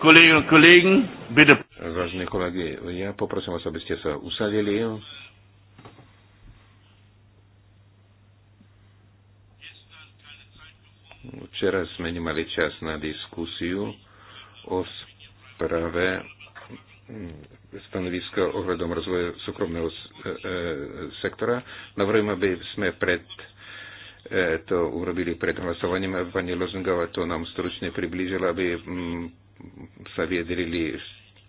Kolegyne und bitte. Vážení kolegy, ja poprosím vás, aby ste sa usadili. Včera sme nemali čas na diskusiu o správe mm, stanoviska ohľadom rozvoja súkromného e, e, sektora. Navrhujem, aby sme pred e, to urobili pred hlasovaním. Pani Lozingová to nám stručne priblížila, aby mm, sa viedrili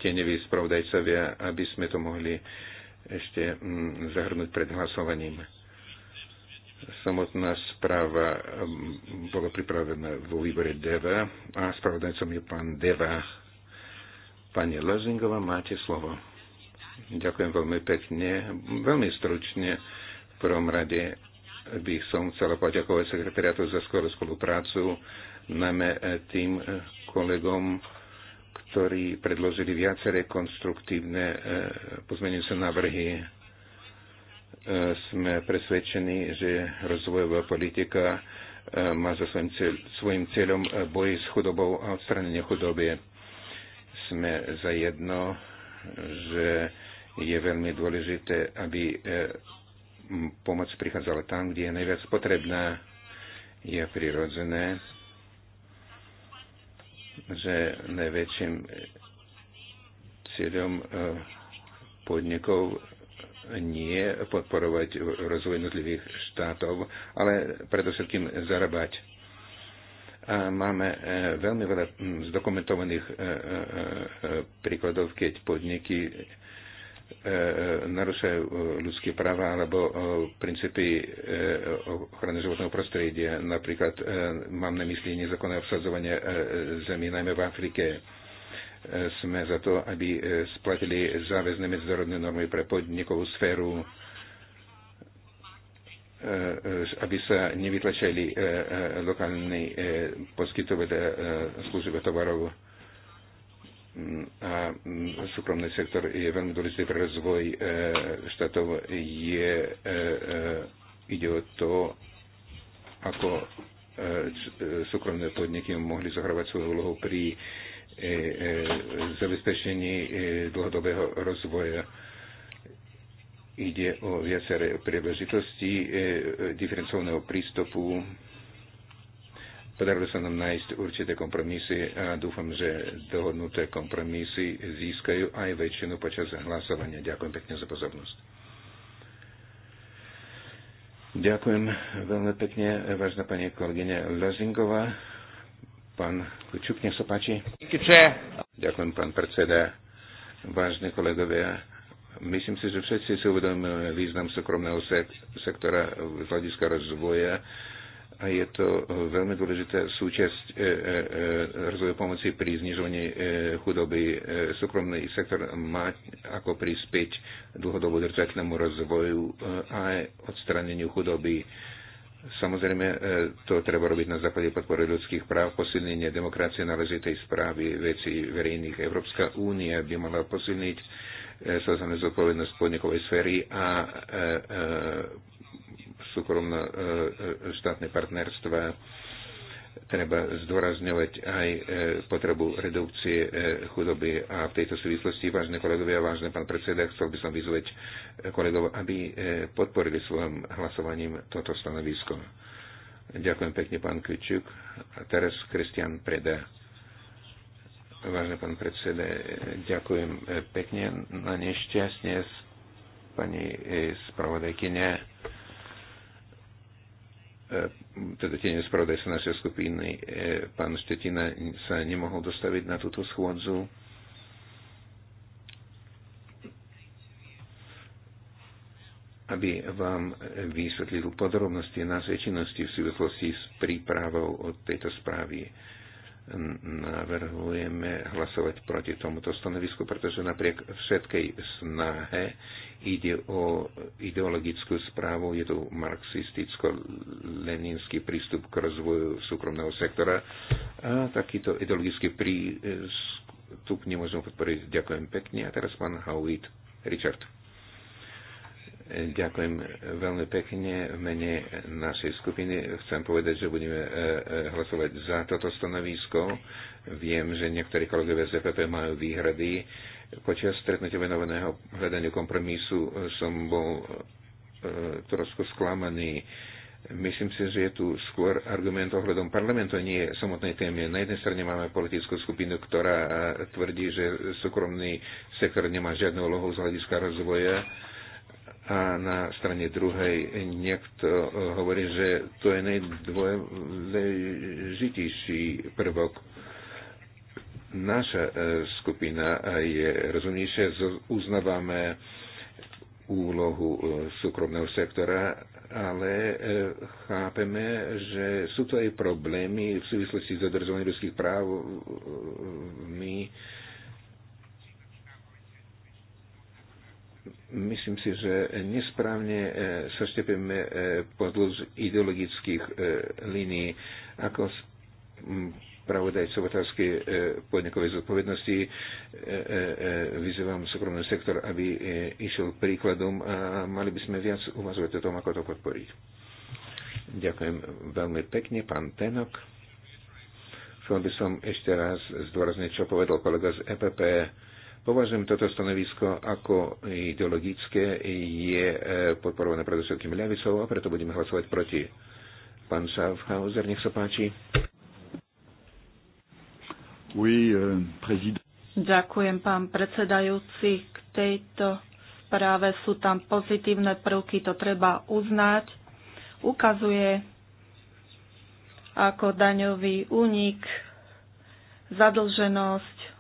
tieňoví spravodajcovia, aby sme to mohli ešte mm, zahrnúť pred hlasovaním. Samotná správa mm, bola pripravená vo výbore DEVA a spravodajcom je pán DEVA. Pani Lozingova, máte slovo. Ďakujem veľmi pekne, veľmi stručne. V prvom rade by som chcela poďakovať sekretariatu za skvelú spoluprácu, najmä eh, tým eh, kolegom, ktorí predložili viaceré konstruktívne e, pozmeňujúce návrhy. E, sme presvedčení, že rozvojová politika e, má za svojim, cieľ, svojim cieľom boj s chudobou a odstranenie chudoby. Sme za jedno, že je veľmi dôležité, aby pomoc prichádzala tam, kde je najviac potrebná. Je prirodzené, že najväčším cieľom eh, podnikov nie podporovať rozvoj jednotlivých štátov, ale predovšetkým zarábať. A máme eh, veľmi veľa hm, zdokumentovaných eh, príkladov, keď podniky E, e, narušajú e, ľudské práva alebo princípy ochrany životného prostredia. Napríklad mám na mysli nezákonné obsadzovanie zemi, najmä v Afrike. Sme za to, aby splatili záväzné medzinárodné normy pre podnikovú sféru, aby sa nevytlačali lokálni poskytovateľe služieb tovarov a mm, súkromný sektor je veľmi dôležitý pre rozvoj e, štátov. Je, e, e, ide o to, ako súkromné podniky mohli zohrávať svoju úlohu pri zabezpečení dlhodobého rozvoja. Ide o viaceré príležitosti diferencovného prístupu Podarilo sa nám nájsť určité kompromisy a dúfam, že dohodnuté kompromisy získajú aj väčšinu počas hlasovania. Ďakujem pekne za pozornosť. Ďakujem veľmi pekne, vážna pani kolegyňa Lozingová. Pán Kučuk, nech sa páči. Ďakujem, pán predseda. Vážne kolegovia, myslím si, že všetci si uvedomujeme význam súkromného sektora z hľadiska rozvoja a je to e, veľmi dôležitá súčasť e, e, rozvoju pomoci pri znižovaní chudoby. Súkromný sektor má ako prispieť dlhodobo držateľnému rozvoju a odstraneniu chudoby. Samozrejme, to treba robiť na základe podpory ľudských práv, posilnenie demokracie, náležitej správy veci verejných. Európska únia by mala posilniť sociálnu zodpovednosť podnikovej sféry a súkromno-štátne e, e, partnerstva. Treba zdôrazňovať aj e, potrebu redukcie chudoby a v tejto súvislosti, vážne kolegovia, vážne pán predseda, chcel by som vyzvať kolegov, aby podporili svojim hlasovaním toto stanovisko. Ďakujem pekne, pán Kvičuk. A teraz Kristian Preda. Vážne pán predseda, ďakujem pekne na nešťastne pani spravodajkyne. E, teda tieňu spravodajca našej skupiny, e, pán Štetina sa nemohol dostaviť na túto schôdzu. aby vám vysvetlil podrobnosti na činnosti v súvislosti s prípravou od tejto správy navrhujeme hlasovať proti tomuto stanovisku, pretože napriek všetkej snahe ide o ideologickú správu, je to marxisticko-leninský prístup k rozvoju súkromného sektora a takýto ideologický prístup nemôžeme podporiť. Ďakujem pekne. A teraz pán Howitt Richard. Ďakujem veľmi pekne. V mene našej skupiny chcem povedať, že budeme e, e, hlasovať za toto stanovisko. Viem, že niektorí kolegovia z EPP majú výhrady. Počas stretnutia venovaného hľadania kompromisu som bol e, trošku sklamaný. Myslím si, že je tu skôr argument ohľadom parlamentu, nie samotnej témy. Na jednej strane máme politickú skupinu, ktorá tvrdí, že súkromný sektor nemá žiadnu úlohu z hľadiska rozvoja a na strane druhej niekto e, hovorí, že to je najdôležitejší prvok. Naša e, skupina je rozumnejšia, uznávame úlohu e, súkromného sektora, ale chápeme, že sú to aj problémy v súvislosti s dodržovaním ľudských práv. My Myslím si, že nesprávne e, sa štepeme e, pozdĺž ideologických e, línií, ako pravodajcov otázky podnikovej zodpovednosti. Vyzývam súkromný sektor, aby išiel príkladom a mali by sme viac uvažovať o tom, ako to podporiť. Ďakujem veľmi pekne, pán Tenok. Chcel by som ešte raz zdôrazniť, čo povedal kolega z EPP Považujem toto stanovisko ako ideologické, je e, podporované predovšetkým ľavicou a preto budeme hlasovať proti. Pán Schaffhauser, nech sa páči. Oui, e, Ďakujem, pán predsedajúci. K tejto správe sú tam pozitívne prvky, to treba uznať. Ukazuje, ako daňový únik, zadlženosť,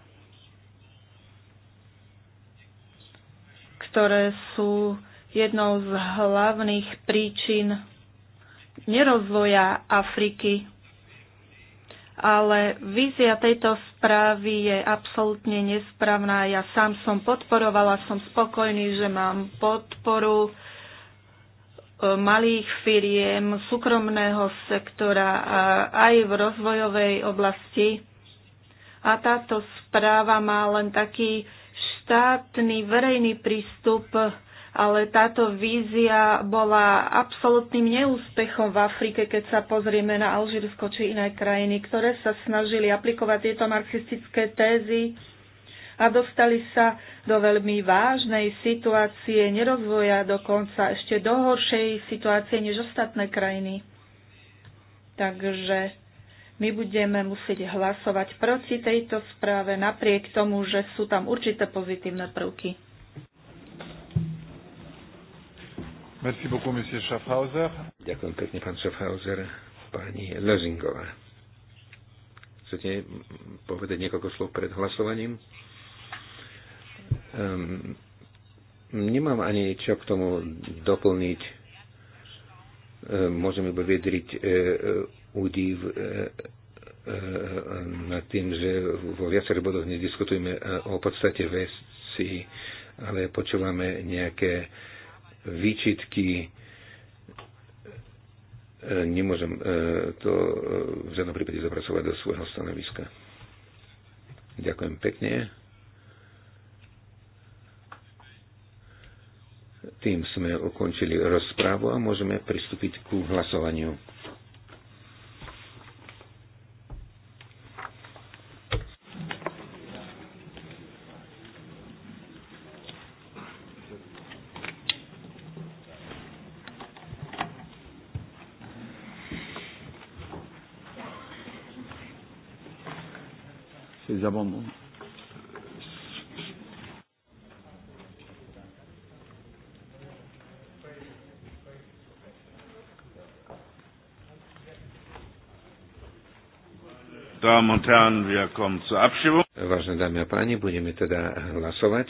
ktoré sú jednou z hlavných príčin nerozvoja Afriky. Ale vízia tejto správy je absolútne nesprávna. Ja sám som podporovala, som spokojný, že mám podporu e, malých firiem, súkromného sektora a aj v rozvojovej oblasti. A táto správa má len taký štátny verejný prístup, ale táto vízia bola absolútnym neúspechom v Afrike, keď sa pozrieme na Alžírsko či iné krajiny, ktoré sa snažili aplikovať tieto marxistické tézy a dostali sa do veľmi vážnej situácie nerozvoja, dokonca ešte do horšej situácie než ostatné krajiny. Takže my budeme musieť hlasovať proti tejto správe napriek tomu, že sú tam určité pozitívne prvky. Merci beaucoup, monsieur Schaffhauser. Ďakujem pekne, pán Schaffhauser. Pani Lezingová. Chcete povedať niekoľko slov pred hlasovaním? Um, nemám ani čo k tomu doplniť môžeme iba vedriť údiv e, e, e, nad tým, že vo viacerých bodoch nediskutujeme o podstate veci, ale počúvame nejaké výčitky. Nemôžem to v žiadnom prípade zapracovať do svojho stanoviska. Ďakujem pekne. Tým sme ukončili rozprávu a môžeme pristúpiť ku hlasovaniu. ces amendements. Vážené dámy a páni, budeme teda hlasovať.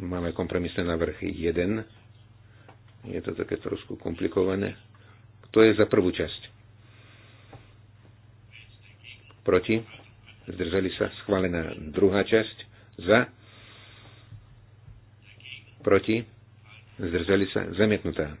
Máme kompromisný návrh 1. Je to také trošku komplikované. Kto je za prvú časť? Proti? Zdržali sa? Schválená druhá časť. Za? Proti? Zdržali sa? Zamietnutá.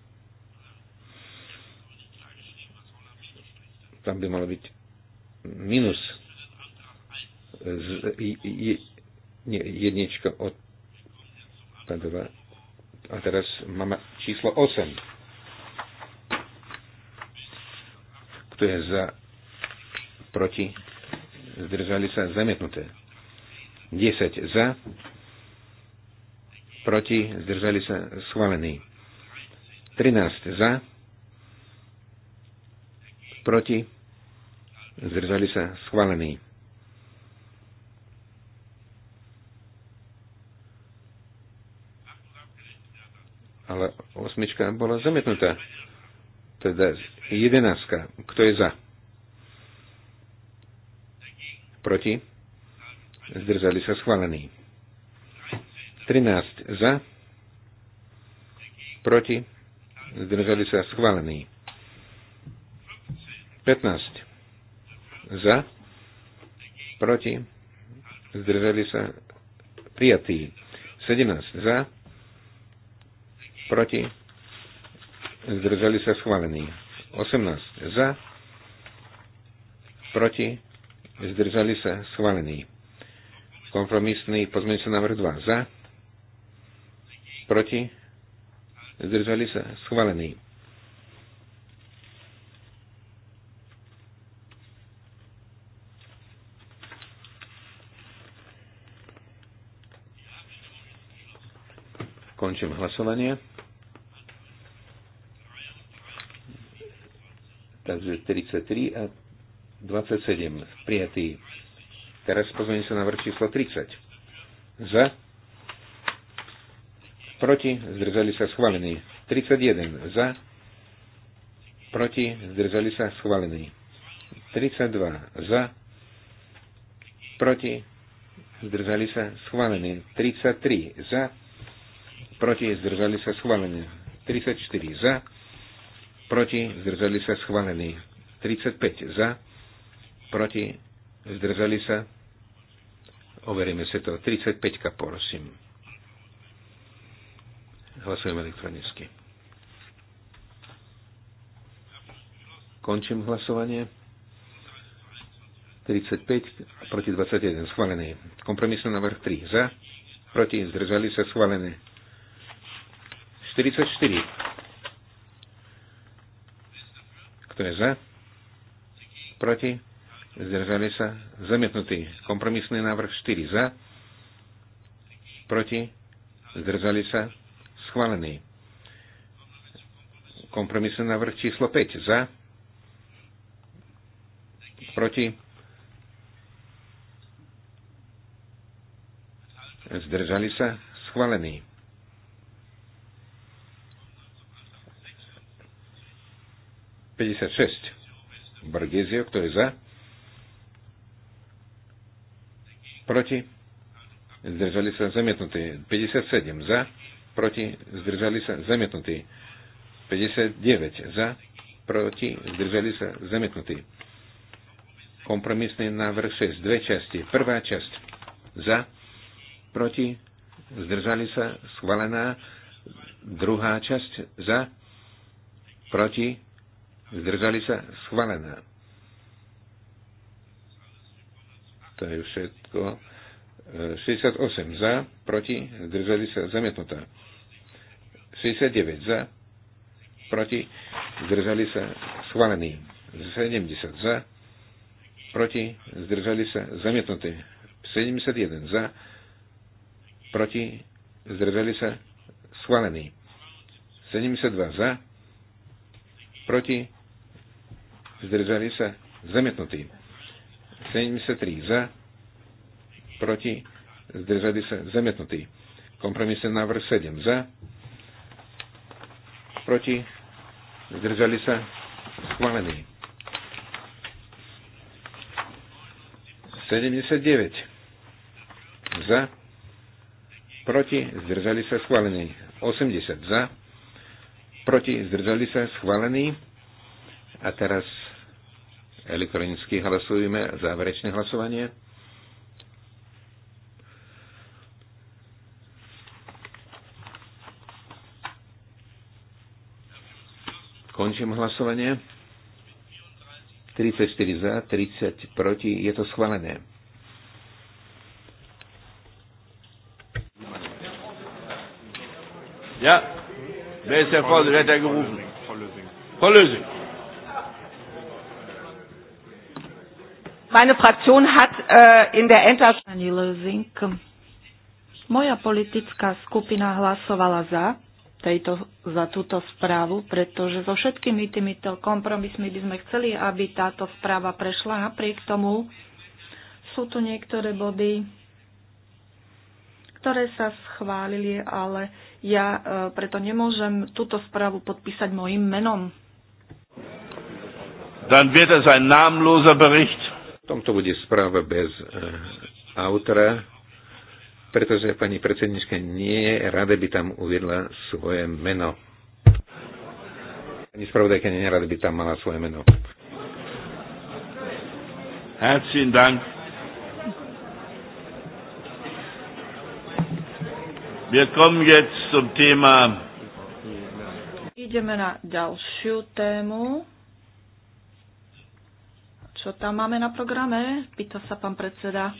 tam by malo byť minus z, je, nie, jednička od odpadová. A teraz máme číslo 8. Kto je za, proti, zdržali sa, zamietnuté. 10 za, proti, zdržali sa, schválený. 13 za, proti, zdržali sa schválení. Ale osmička bola zamietnutá. Teda jedenáctka. Kto je za? Proti? Zdržali sa schválení. 13 za, proti, zdržali sa schválení. 15. Za, proti, zdržali sa prijatí. 17. Za, proti, zdržali sa schválení. 18. Za, proti, zdržali sa schválení. Kompromisný pozmeňujúci návrh 2. Za, proti, zdržali sa schválení. ukončím hlasovanie. Takže 33 a 27 prijatý. Teraz pozmením sa na vrch číslo 30. Za. Proti. Zdržali sa schválení. 31. Za. Proti. Zdržali sa schválení. 32. Za. Proti. Zdržali sa schválení. 33. Za proti, zdržali sa schválení. 34 za, proti, zdržali sa schválení. 35 za, proti, zdržali sa. Overíme sa to. 35, prosím. Hlasujem elektronicky. Končím hlasovanie. 35 proti 21 schválený. Kompromisný návrh 3 za, proti zdržali sa schválené. 44. Kto je za? Proti? Zdržali sa? Zamietnutý. Kompromisný návrh 4 za. Proti? Zdržali sa? Schválený. Kompromisný návrh číslo 5 za. Proti? Zdržali sa? Schválený. 56. Borgézio, kto je za? Proti? Zdržali sa zamietnutí. 57 za. Proti? Zdržali sa zamietnutí. 59 za. Proti? Zdržali sa zamietnutí. Kompromisný návrh 6. Dve časti. Prvá časť za. Proti? Zdržali sa schválená. Druhá časť za. Proti? Zdržali sa? Schválená. To je všetko. 68 e, za, proti, zdržali sa, zamietnutá. 69 za, proti, zdržali sa, schválený. 70 za, proti, zdržali sa, zamietnuté. 71 za, proti, zdržali sa, schválený. 72 za, proti, zdržali sa, zamietnutí. 73 za, proti, zdržali sa, zamietnutí. Kompromisný návrh 7 za, proti, zdržali sa, schválení. 79 za, proti, zdržali sa, schválení. 80 za, proti, zdržali sa, schválení. A teraz Elektronicky hlasujeme záverečné hlasovanie. Končím hlasovanie. 34 za, 30 proti. Je to schválené. Ja. Wer ist der Vorsitzende? Wer hat da gerufen? Frau Lösing. Frau Lösing. Meine Fraktion hat äh, in der Endabstimmung. Moja politická skupina hlasovala za, tejto, za túto správu, pretože so všetkými týmito kompromismi by sme chceli, aby táto správa prešla. Napriek tomu sú tu niektoré body, ktoré sa schválili, ale ja e, preto nemôžem túto správu podpísať mojim menom. Dann wird es ein namenloser Bericht tomto bude správa bez e, autora, pretože pani predsednička nie je rada by tam uviedla svoje meno. Pani spravodajka nie je rada by tam mala svoje meno. Herzlichen Dank. Wir kommen jetzt zum Thema. Ideme na ďalšiu tému. Čo tam máme na programe? Pýta sa pán predseda.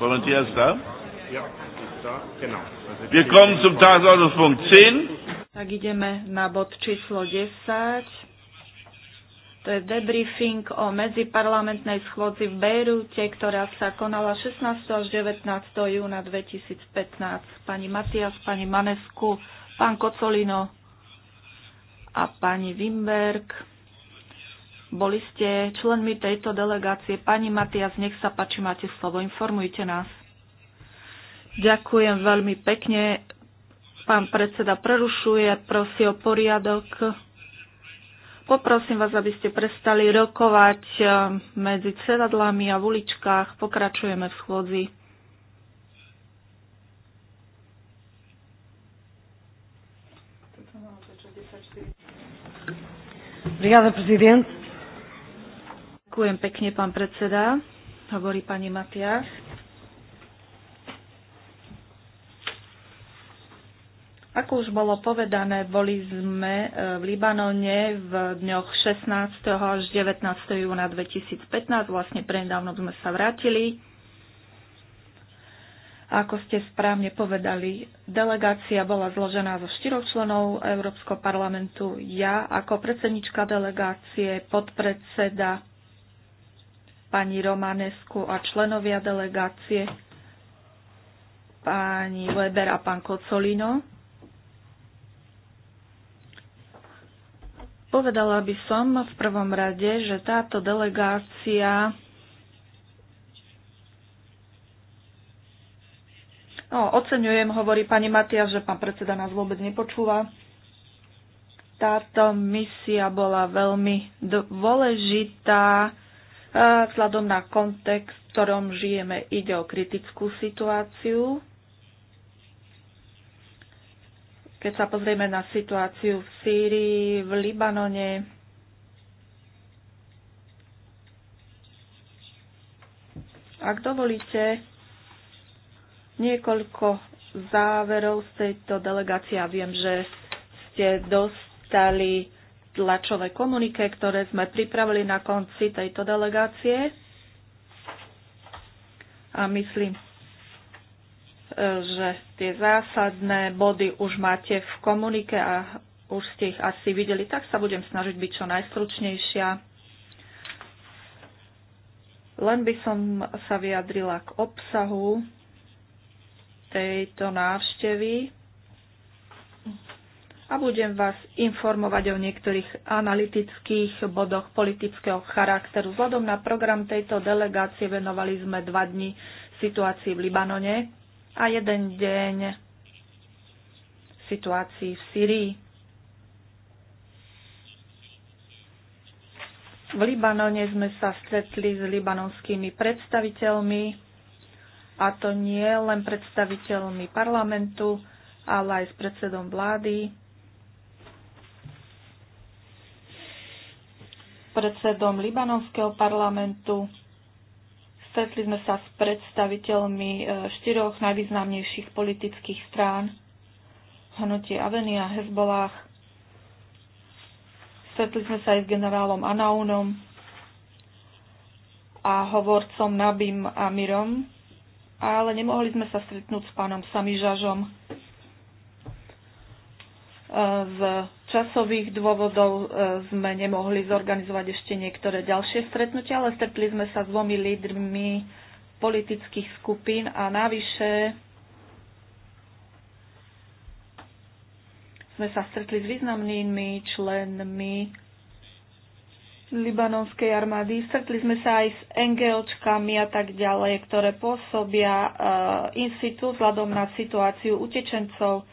Volunteer da? Ja, da, genau. Wir kommen zum Tagesordnungspunkt 10. Tak ideme na bod číslo 10. To je debriefing o medziparlamentnej schôdzi v Bejrúte, ktorá sa konala 16. až 19. júna 2015. Pani Matias, pani Manesku, pán Kocolino a pani Wimberg. Boli ste členmi tejto delegácie. Pani Matias, nech sa páči, máte slovo, informujte nás. Ďakujem veľmi pekne. Pán predseda prerušuje, prosí o poriadok. Poprosím vás, aby ste prestali rokovať eh, medzi sedadlami a v uličkách. Pokračujeme v schôdzi. Obrigada, Presidente. Ďakujem pekne, pán predseda, hovorí pani Matiáš. Ako už bolo povedané, boli sme e, v Libanone v dňoch 16. až 19. júna 2015. Vlastne prednávno sme sa vrátili. Ako ste správne povedali, delegácia bola zložená zo štyroch členov Európskeho parlamentu. Ja ako predsednička delegácie, podpredseda pani Romanesku a členovia delegácie pani Weber a pán Kocolino. Povedala by som v prvom rade, že táto delegácia No, oceňujem, hovorí pani Matias, že pán predseda nás vôbec nepočúva. Táto misia bola veľmi dôležitá Vzhľadom na kontext, v ktorom žijeme, ide o kritickú situáciu. Keď sa pozrieme na situáciu v Sýrii, v Libanone, ak dovolíte, niekoľko záverov z tejto delegácie. Ja viem, že ste dostali tlačové komunike, ktoré sme pripravili na konci tejto delegácie. A myslím, e, že tie zásadné body už máte v komunike a už ste ich asi videli, tak sa budem snažiť byť čo najstručnejšia. Len by som sa vyjadrila k obsahu tejto návštevy a budem vás informovať o niektorých analytických bodoch politického charakteru. Vzhľadom na program tejto delegácie venovali sme dva dni situácii v Libanone a jeden deň situácii v Syrii. V Libanone sme sa stretli s libanonskými predstaviteľmi, a to nie len predstaviteľmi parlamentu, ale aj s predsedom vlády, predsedom libanonského parlamentu. Stretli sme sa s predstaviteľmi e, štyroch najvýznamnejších politických strán, hnutie Avenia, Hezbolách. Stretli sme sa aj s generálom Anaunom a hovorcom Nabim Amirom, ale nemohli sme sa stretnúť s pánom Samižažom, z časových dôvodov e, sme nemohli zorganizovať ešte niektoré ďalšie stretnutia, ale stretli sme sa s dvomi lídrmi politických skupín a navyše sme sa stretli s významnými členmi libanonskej armády. Stretli sme sa aj s NGOčkami a tak ďalej, ktoré pôsobia e, in situ vzhľadom na situáciu utečencov.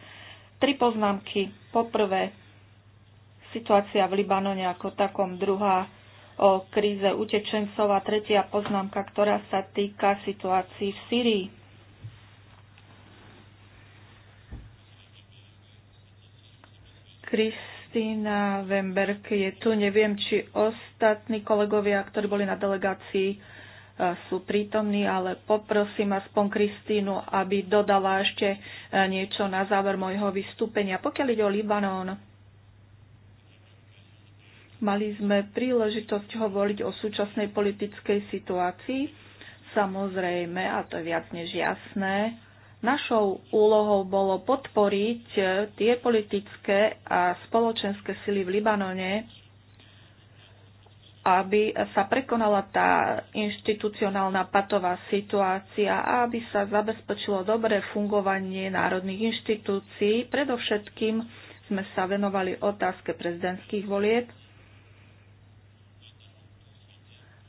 Tri poznámky. Poprvé, situácia v Libanone ako takom, druhá o kríze utečencov a tretia poznámka, ktorá sa týka situácií v Syrii. Kristýna Wemberg je tu. Neviem, či ostatní kolegovia, ktorí boli na delegácii, E, sú prítomní, ale poprosím aspoň Kristínu, aby dodala ešte e, niečo na záver môjho vystúpenia. Pokiaľ ide o Libanon, mali sme príležitosť hovoriť o súčasnej politickej situácii. Samozrejme, a to je viac než jasné, Našou úlohou bolo podporiť e, tie politické a spoločenské sily v Libanone, aby sa prekonala tá inštitucionálna patová situácia a aby sa zabezpečilo dobré fungovanie národných inštitúcií. Predovšetkým sme sa venovali otázke prezidentských volieb,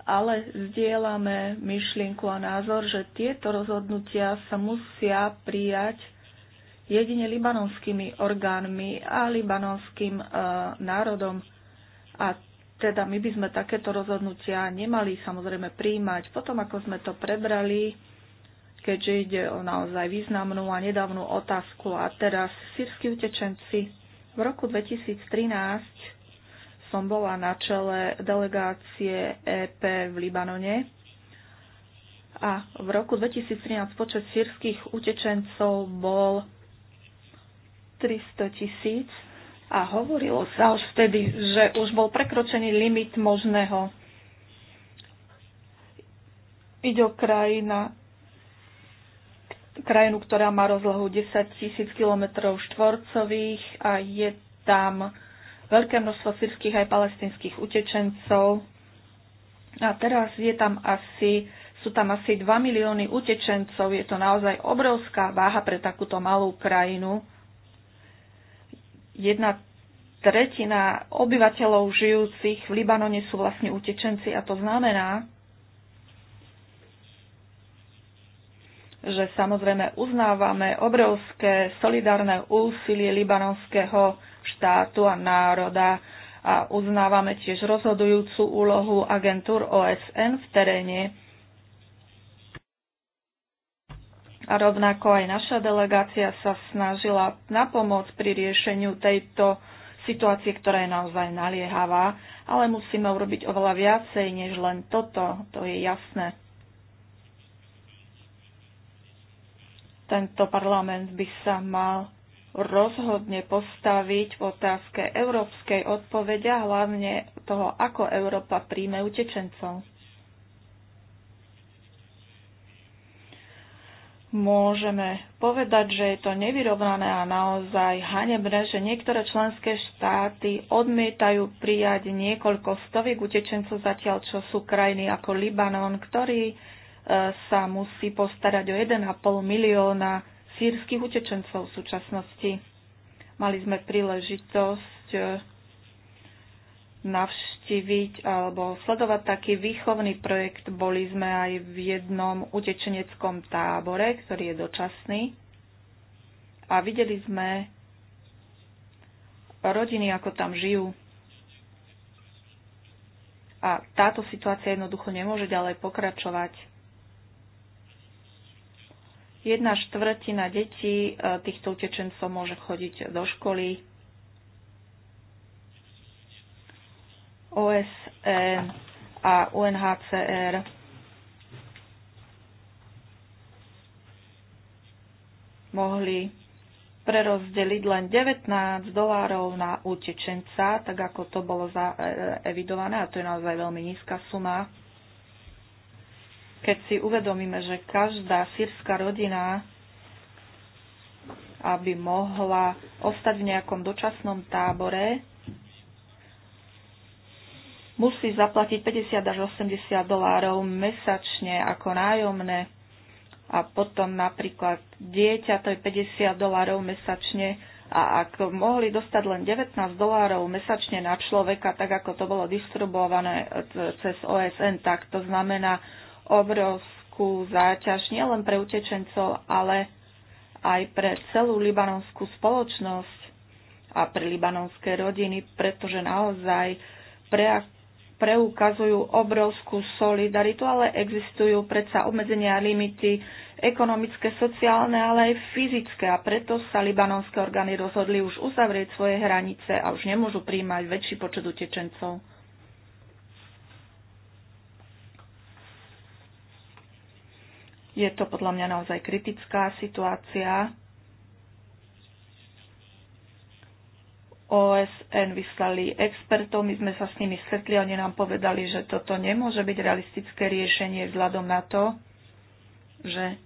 ale zdieľame myšlienku a názor, že tieto rozhodnutia sa musia prijať jedine libanonskými orgánmi a libanonským e, národom. A teda my by sme takéto rozhodnutia nemali samozrejme príjmať. Potom, ako sme to prebrali, keďže ide o naozaj významnú a nedávnu otázku. A teraz sírsky utečenci. V roku 2013 som bola na čele delegácie EP v Libanone a v roku 2013 počet sírskych utečencov bol 300 tisíc a hovorilo sa už vtedy, že už bol prekročený limit možného. Ide o krajina, krajinu, ktorá má rozlohu 10 tisíc kilometrov štvorcových a je tam veľké množstvo sírských aj palestinských utečencov. A teraz je tam asi, sú tam asi 2 milióny utečencov. Je to naozaj obrovská váha pre takúto malú krajinu jedna tretina obyvateľov žijúcich v Libanone sú vlastne utečenci a to znamená, že samozrejme uznávame obrovské solidárne úsilie libanonského štátu a národa a uznávame tiež rozhodujúcu úlohu agentúr OSN v teréne A rovnako aj naša delegácia sa snažila na pomoc pri riešeniu tejto situácie, ktorá je naozaj naliehavá, ale musíme urobiť oveľa viacej než len toto, to je jasné. Tento parlament by sa mal rozhodne postaviť v otázke európskej odpovede a hlavne toho, ako Európa príjme utečencov. môžeme povedať, že je to nevyrovnané a naozaj hanebné, že niektoré členské štáty odmietajú prijať niekoľko stoviek utečencov zatiaľ, čo sú krajiny ako Libanon, ktorý e, sa musí postarať o 1,5 milióna sírskych utečencov v súčasnosti. Mali sme príležitosť e, navštíviť alebo sledovať taký výchovný projekt. Boli sme aj v jednom utečeneckom tábore, ktorý je dočasný. A videli sme rodiny, ako tam žijú. A táto situácia jednoducho nemôže ďalej pokračovať. Jedna štvrtina detí eh, týchto utečencov môže chodiť do školy, OSN e a UNHCR. mohli prerozdeliť len 19 dolárov na utečenca, tak ako to bolo e, e, evidované, a to je naozaj veľmi nízka suma. Keď si uvedomíme, že každá sírska rodina aby mohla ostať v nejakom dočasnom tábore, musí zaplatiť 50 až 80 dolárov mesačne ako nájomné a potom napríklad dieťa to je 50 dolárov mesačne a ak mohli dostať len 19 dolárov mesačne na človeka, tak ako to bolo distribuované e, cez OSN, tak to znamená obrovskú záťaž nielen pre utečencov, ale aj pre celú libanonskú spoločnosť a pre libanonské rodiny, pretože naozaj pre, preukazujú obrovskú solidaritu, ale existujú predsa obmedzenia a limity ekonomické, sociálne, ale aj fyzické a preto sa libanonské orgány rozhodli už uzavrieť svoje hranice a už nemôžu príjmať väčší počet utečencov. Je to podľa mňa naozaj kritická situácia OSN vyslali expertov, my sme sa s nimi stretli, oni nám povedali, že toto nemôže byť realistické riešenie vzhľadom na to, že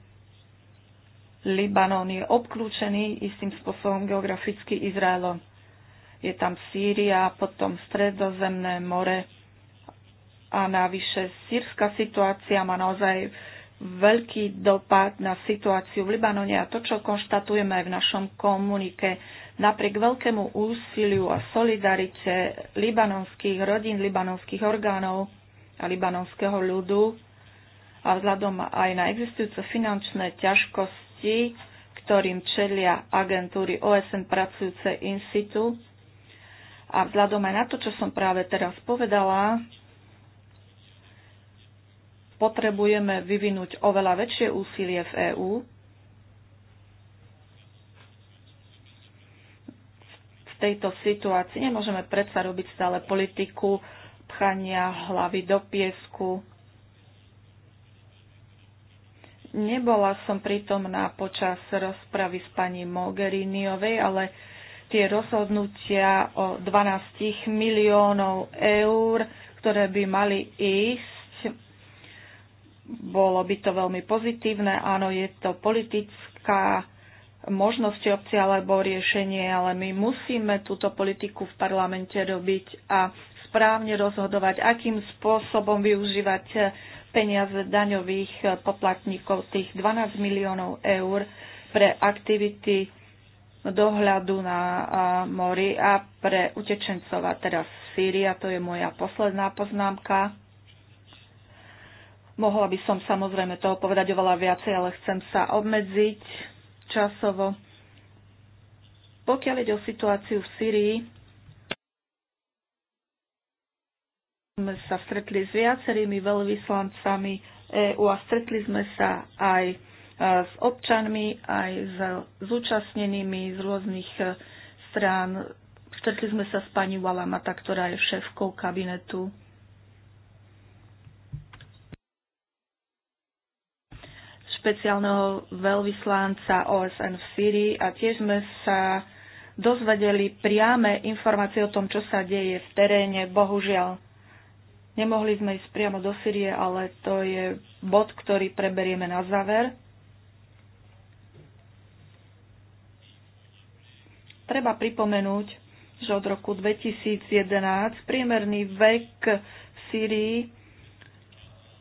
Libanon je obklúčený istým spôsobom geograficky Izraelom. Je tam Sýria, potom Stredozemné more a navyše sírska situácia má naozaj veľký dopad na situáciu v Libanone a to, čo konštatujeme aj v našom komunike, napriek veľkému úsiliu a solidarite libanonských rodín, libanonských orgánov a libanonského ľudu a vzhľadom aj na existujúce finančné ťažkosti, ktorým čelia agentúry OSN pracujúce in situ a vzhľadom aj na to, čo som práve teraz povedala, potrebujeme vyvinúť oveľa väčšie úsilie v EÚ. V tejto situácii nemôžeme predsa robiť stále politiku pchania hlavy do piesku. Nebola som prítomná počas rozpravy s pani Mogheriniovej, ale tie rozhodnutia o 12 miliónov eur, ktoré by mali ísť bolo by to veľmi pozitívne, áno, je to politická možnosť opcia alebo riešenie, ale my musíme túto politiku v parlamente robiť a správne rozhodovať, akým spôsobom využívať peniaze daňových poplatníkov, tých 12 miliónov eur pre aktivity dohľadu na mori a pre utečencov. A teraz Sýria, to je moja posledná poznámka. Mohla by som samozrejme toho povedať oveľa viacej, ale chcem sa obmedziť časovo. Pokiaľ ide o situáciu v Syrii, sme sa stretli s viacerými veľvyslancami EU a stretli sme sa aj e, s občanmi, aj s zúčastnenými z rôznych e, strán. Stretli sme sa s pani Walamata, ktorá je šéfkou kabinetu špeciálneho veľvyslanca OSN v Syrii a tiež sme sa dozvedeli priame informácie o tom, čo sa deje v teréne. Bohužiaľ, nemohli sme ísť priamo do Syrie, ale to je bod, ktorý preberieme na záver. Treba pripomenúť, že od roku 2011 priemerný vek v Syrii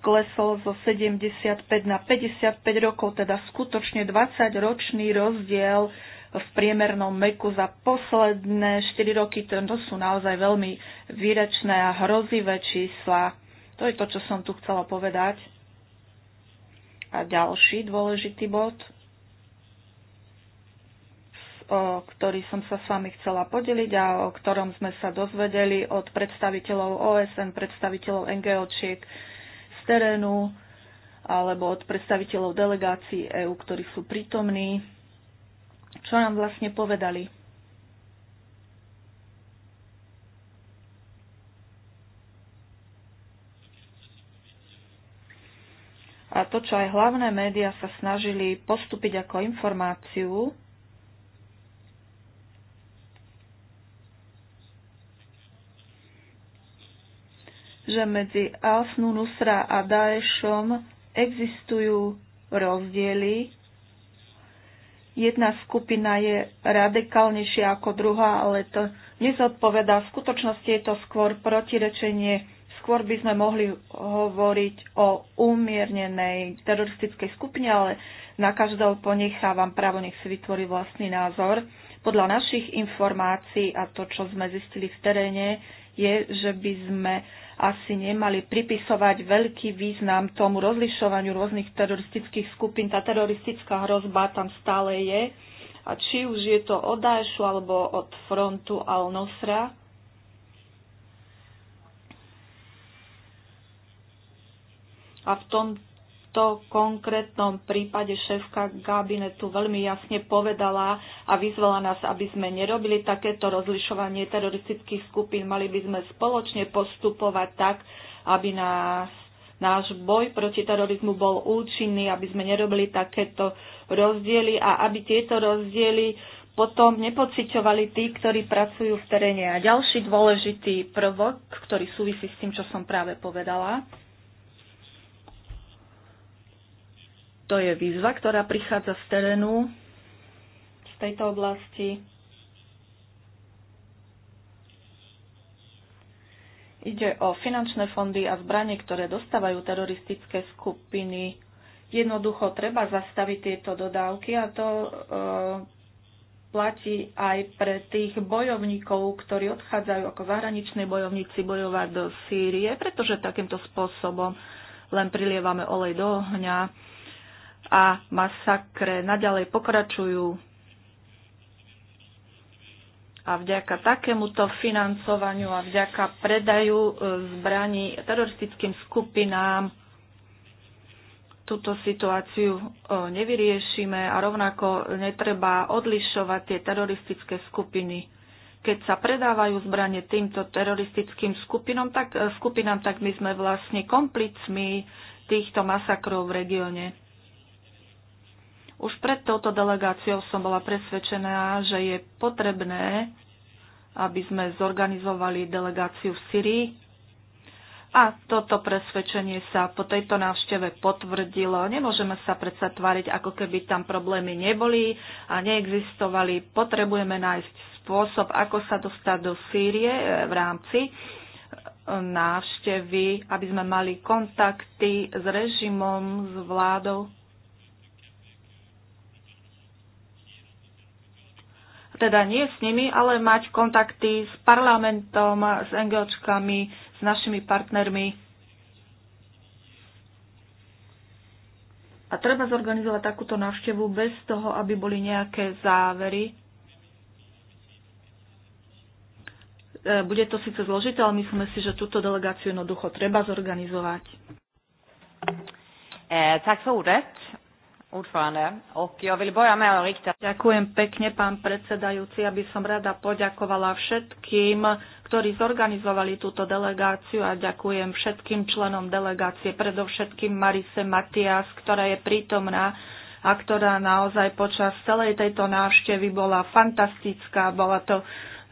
klesol zo 75 na 55 rokov, teda skutočne 20-ročný rozdiel v priemernom meku za posledné 4 roky. To sú naozaj veľmi výračné a hrozivé čísla. To je to, čo som tu chcela povedať. A ďalší dôležitý bod, o ktorý som sa s vami chcela podeliť a o ktorom sme sa dozvedeli od predstaviteľov OSN, predstaviteľov NGO NGO-čiek, terénu alebo od predstaviteľov delegácií EÚ, ktorí sú prítomní. Čo nám vlastne povedali? A to, čo aj hlavné médiá sa snažili postúpiť ako informáciu, že medzi Alsnu Nusra a Daešom existujú rozdiely. Jedna skupina je radikálnejšia ako druhá, ale to nezodpovedá. V skutočnosti je to skôr protirečenie. Skôr by sme mohli hovoriť o umiernenej teroristickej skupine, ale na každého ponechávam právo, nech si vytvorí vlastný názor. Podľa našich informácií a to, čo sme zistili v teréne, je, že by sme asi nemali pripisovať veľký význam tomu rozlišovaniu rôznych teroristických skupín. Tá teroristická hrozba tam stále je. A či už je to od Daešu alebo od frontu Al-Nosra, a v tom tomto konkrétnom prípade šéfka kabinetu veľmi jasne povedala a vyzvala nás, aby sme nerobili takéto rozlišovanie teroristických skupín. Mali by sme spoločne postupovať tak, aby nás náš boj proti terorizmu bol účinný, aby sme nerobili takéto rozdiely a aby tieto rozdiely potom nepociťovali tí, ktorí pracujú v teréne. A ďalší dôležitý prvok, ktorý súvisí s tým, čo som práve povedala, To je výzva, ktorá prichádza z terénu, z tejto oblasti. Ide o finančné fondy a zbranie, ktoré dostávajú teroristické skupiny. Jednoducho treba zastaviť tieto dodávky a to e, platí aj pre tých bojovníkov, ktorí odchádzajú ako zahraniční bojovníci bojovať do Sýrie, pretože takýmto spôsobom len prilievame olej do ohňa a masakre naďalej pokračujú. A vďaka takémuto financovaniu a vďaka predaju e, zbraní teroristickým skupinám túto situáciu e, nevyriešime a rovnako netreba odlišovať tie teroristické skupiny keď sa predávajú zbranie týmto teroristickým skupinom, tak, e, skupinám, tak my sme vlastne komplicmi týchto masakrov v regióne. Už pred touto delegáciou som bola presvedčená, že je potrebné, aby sme zorganizovali delegáciu v Syrii. A toto presvedčenie sa po tejto návšteve potvrdilo. Nemôžeme sa predsa tváriť, ako keby tam problémy neboli a neexistovali. Potrebujeme nájsť spôsob, ako sa dostať do Sýrie eh, v rámci eh, návštevy, aby sme mali kontakty s režimom, s vládou teda nie s nimi, ale mať kontakty s parlamentom, s NGOčkami, s našimi partnermi. A treba zorganizovať takúto návštevu bez toho, aby boli nejaké závery. E, bude to síce zložité, ale myslíme si, že túto delegáciu jednoducho treba zorganizovať. Eh, tak for urec. Ďakujem pekne, pán predsedajúci. Aby som rada poďakovala všetkým, ktorí zorganizovali túto delegáciu a ďakujem všetkým členom delegácie, predovšetkým Marise Matias, ktorá je prítomná a ktorá naozaj počas celej tejto návštevy bola fantastická. Bola to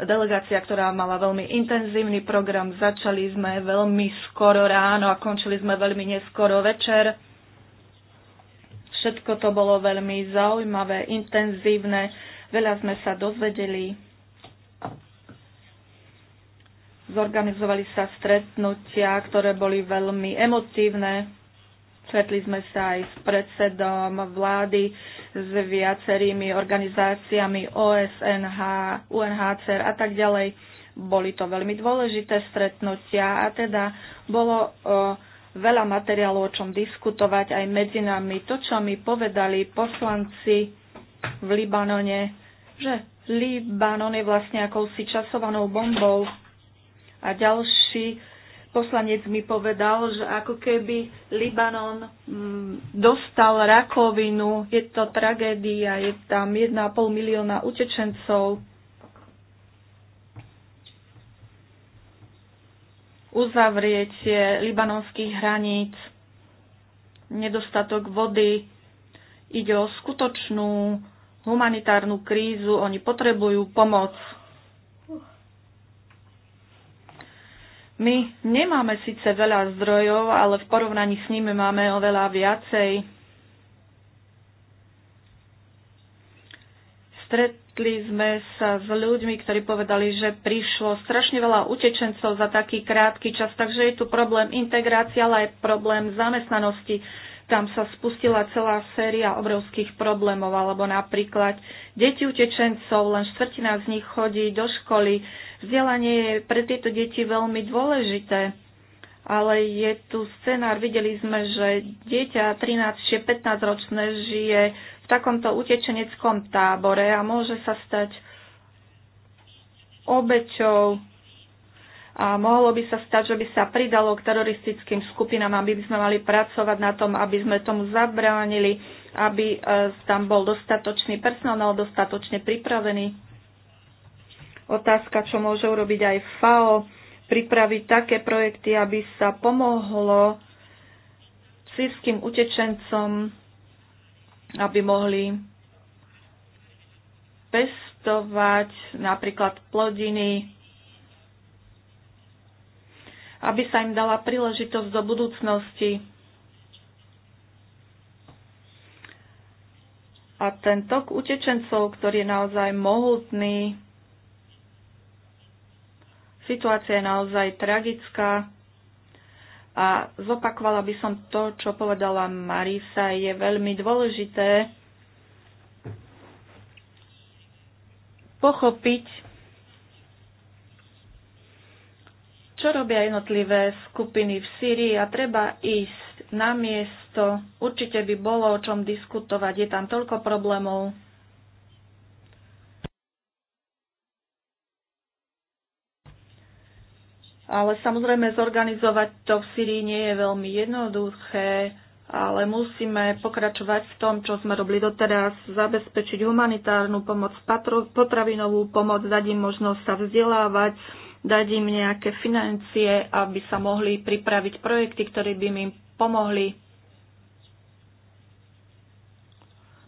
delegácia, ktorá mala veľmi intenzívny program. Začali sme veľmi skoro ráno a končili sme veľmi neskoro večer Všetko to bolo veľmi zaujímavé, intenzívne, veľa sme sa dozvedeli. Zorganizovali sa stretnutia, ktoré boli veľmi emotívne. Stretli sme sa aj s predsedom vlády, s viacerými organizáciami OSNH, UNHCR a tak ďalej. Boli to veľmi dôležité stretnutia a teda bolo uh, veľa materiálov, o čom diskutovať aj medzi nami. To, čo mi povedali poslanci v Libanone, že Libanon je vlastne akousi časovanou bombou. A ďalší poslanec mi povedal, že ako keby Libanon mm, dostal rakovinu, je to tragédia, je tam 1,5 milióna utečencov uzavretie libanonských hraníc, nedostatok vody. Ide o skutočnú humanitárnu krízu, oni potrebujú pomoc. My nemáme síce veľa zdrojov, ale v porovnaní s nimi máme oveľa viacej. Stret, stretli sme sa s ľuďmi, ktorí povedali, že prišlo strašne veľa utečencov za taký krátky čas, takže je tu problém integrácia, ale aj problém zamestnanosti. Tam sa spustila celá séria obrovských problémov, alebo napríklad deti utečencov, len štvrtina z nich chodí do školy. Vzdelanie je pre tieto deti veľmi dôležité, ale je tu scenár, videli sme, že dieťa 13 či 15 ročné žije v takomto utečeneckom tábore a môže sa stať obeťou a mohlo by sa stať, že by sa pridalo k teroristickým skupinám, aby by sme mali pracovať na tom, aby sme tomu zabránili, aby e, tam bol dostatočný personál, dostatočne pripravený. Otázka, čo môže urobiť aj FAO, pripraviť také projekty, aby sa pomohlo sírským utečencom aby mohli pestovať napríklad plodiny, aby sa im dala príležitosť do budúcnosti. A ten tok utečencov, ktorý je naozaj mohutný, situácia je naozaj tragická. A zopakovala by som to, čo povedala Marisa, je veľmi dôležité pochopiť, čo robia jednotlivé skupiny v Syrii a treba ísť na miesto. Určite by bolo o čom diskutovať, je tam toľko problémov. Ale samozrejme zorganizovať to v Syrii nie je veľmi jednoduché, ale musíme pokračovať v tom, čo sme robili doteraz, zabezpečiť humanitárnu pomoc, potravinovú pomoc, dať im možnosť sa vzdelávať, dať im nejaké financie, aby sa mohli pripraviť projekty, ktoré by im pomohli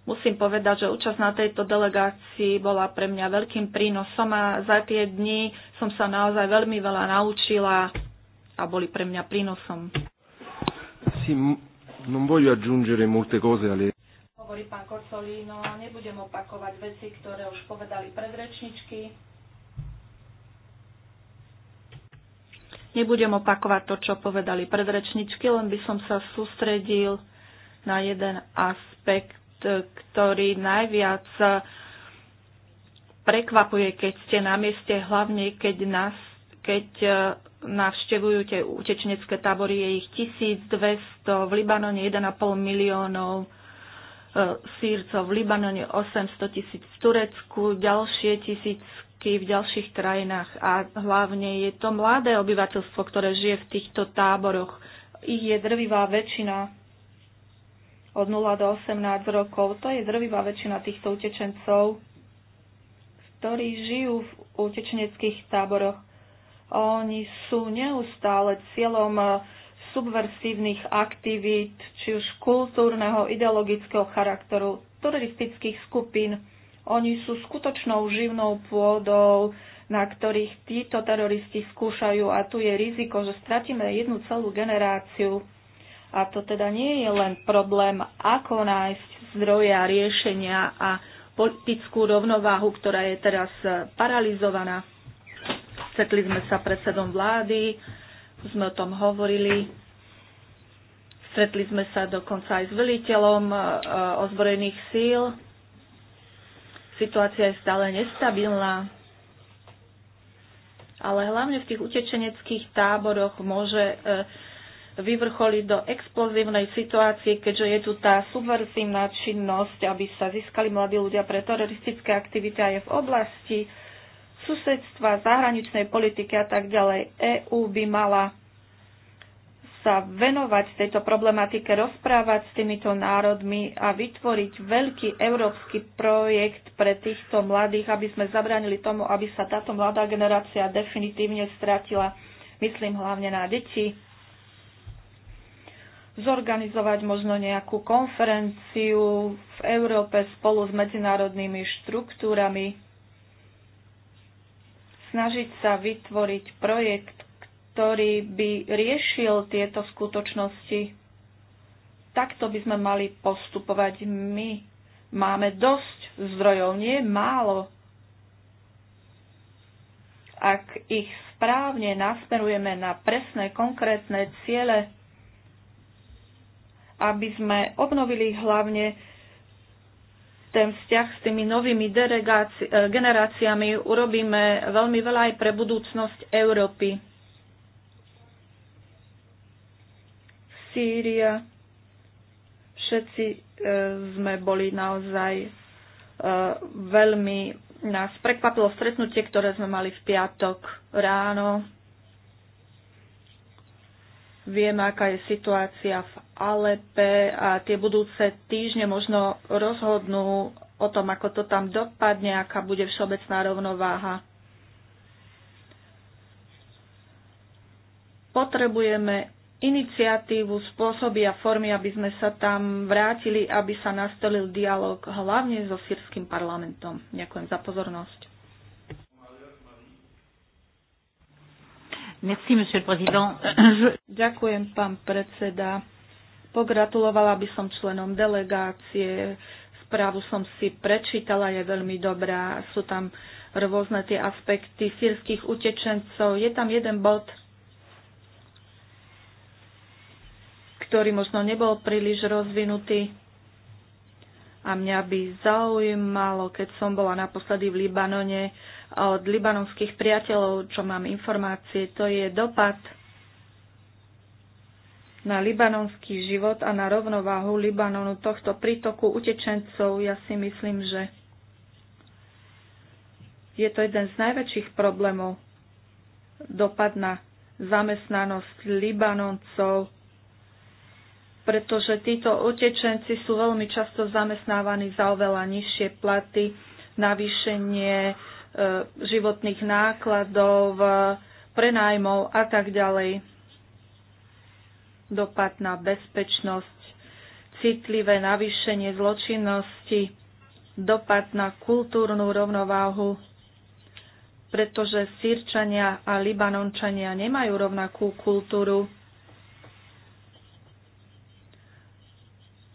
Musím povedať, že účasť na tejto delegácii bola pre mňa veľkým prínosom a za tie dni som sa naozaj veľmi veľa naučila a boli pre mňa prínosom. Si, non voglio aggiungere molte cose ale... hovorí pán Kocolíno, a nebudem opakovať veci, ktoré už povedali predrečničky. Nebudem opakovať to, čo povedali predrečničky, len by som sa sústredil na jeden aspekt ktorý najviac prekvapuje, keď ste na mieste, hlavne keď, nás, keď e, navštevujú tie utečenecké tábory, je ich 1200, v Libanone 1,5 miliónov e, sírcov, v Libanone 800 tisíc, v Turecku ďalšie tisícky v ďalších krajinách a hlavne je to mladé obyvateľstvo, ktoré žije v týchto táboroch. Ich je drvivá väčšina od 0 do 18 rokov. To je drvivá väčšina týchto utečencov, ktorí žijú v utečeneckých táboroch. Oni sú neustále cieľom eh, subversívnych aktivít, či už kultúrneho, ideologického charakteru, teroristických skupín. Oni sú skutočnou živnou pôdou, na ktorých títo teroristi skúšajú a tu je riziko, že stratíme jednu celú generáciu a to teda nie je len problém, ako nájsť zdroje a riešenia a politickú rovnováhu, ktorá je teraz e, paralizovaná. Cetli sme sa predsedom vlády, sme o tom hovorili. Stretli sme sa dokonca aj s veliteľom e, e, ozbrojených síl. Situácia je stále nestabilná, ale hlavne v tých utečeneckých táboroch môže vyvrcholi do explozívnej situácie, keďže je tu tá subverzívna činnosť, aby sa získali mladí ľudia pre teroristické aktivity aj v oblasti susedstva, zahraničnej politiky a tak ďalej. EÚ by mala sa venovať tejto problematike, rozprávať s týmito národmi a vytvoriť veľký európsky projekt pre týchto mladých, aby sme zabránili tomu, aby sa táto mladá generácia definitívne stratila. Myslím hlavne na deti zorganizovať možno nejakú konferenciu v Európe spolu s medzinárodnými štruktúrami, snažiť sa vytvoriť projekt, ktorý by riešil tieto skutočnosti. Takto by sme mali postupovať my. Máme dosť zdrojov, nie málo. Ak ich správne nasmerujeme na presné, konkrétne ciele, aby sme obnovili hlavne ten vzťah s tými novými eh, generáciami. Urobíme veľmi veľa aj pre budúcnosť Európy. Sýria. Všetci eh, sme boli naozaj eh, veľmi nás prekvapilo stretnutie, ktoré sme mali v piatok ráno. Vieme, aká je situácia v Alepe a tie budúce týždne možno rozhodnú o tom, ako to tam dopadne, aká bude všeobecná rovnováha. Potrebujeme iniciatívu, spôsoby a formy, aby sme sa tam vrátili, aby sa nastolil dialog hlavne so sírským parlamentom. Ďakujem za pozornosť. Merci, monsieur le président. Ďakujem, pán predseda. Pogratulovala by som členom delegácie, správu som si prečítala, je veľmi dobrá, sú tam rôzne tie aspekty sírskych utečencov. Je tam jeden bod, ktorý možno nebol príliš rozvinutý. A mňa by zaujímalo, keď som bola naposledy v Libanone, od libanonských priateľov, čo mám informácie, to je dopad na libanonský život a na rovnováhu Libanonu tohto prítoku utečencov, ja si myslím, že je to jeden z najväčších problémov. Dopad na zamestnanosť Libanoncov, pretože títo utečenci sú veľmi často zamestnávaní za oveľa nižšie platy, navýšenie e, životných nákladov, e, a tak ďalej dopad na bezpečnosť, citlivé navýšenie zločinnosti, dopad na kultúrnu rovnováhu, pretože Sýrčania a Libanončania nemajú rovnakú kultúru.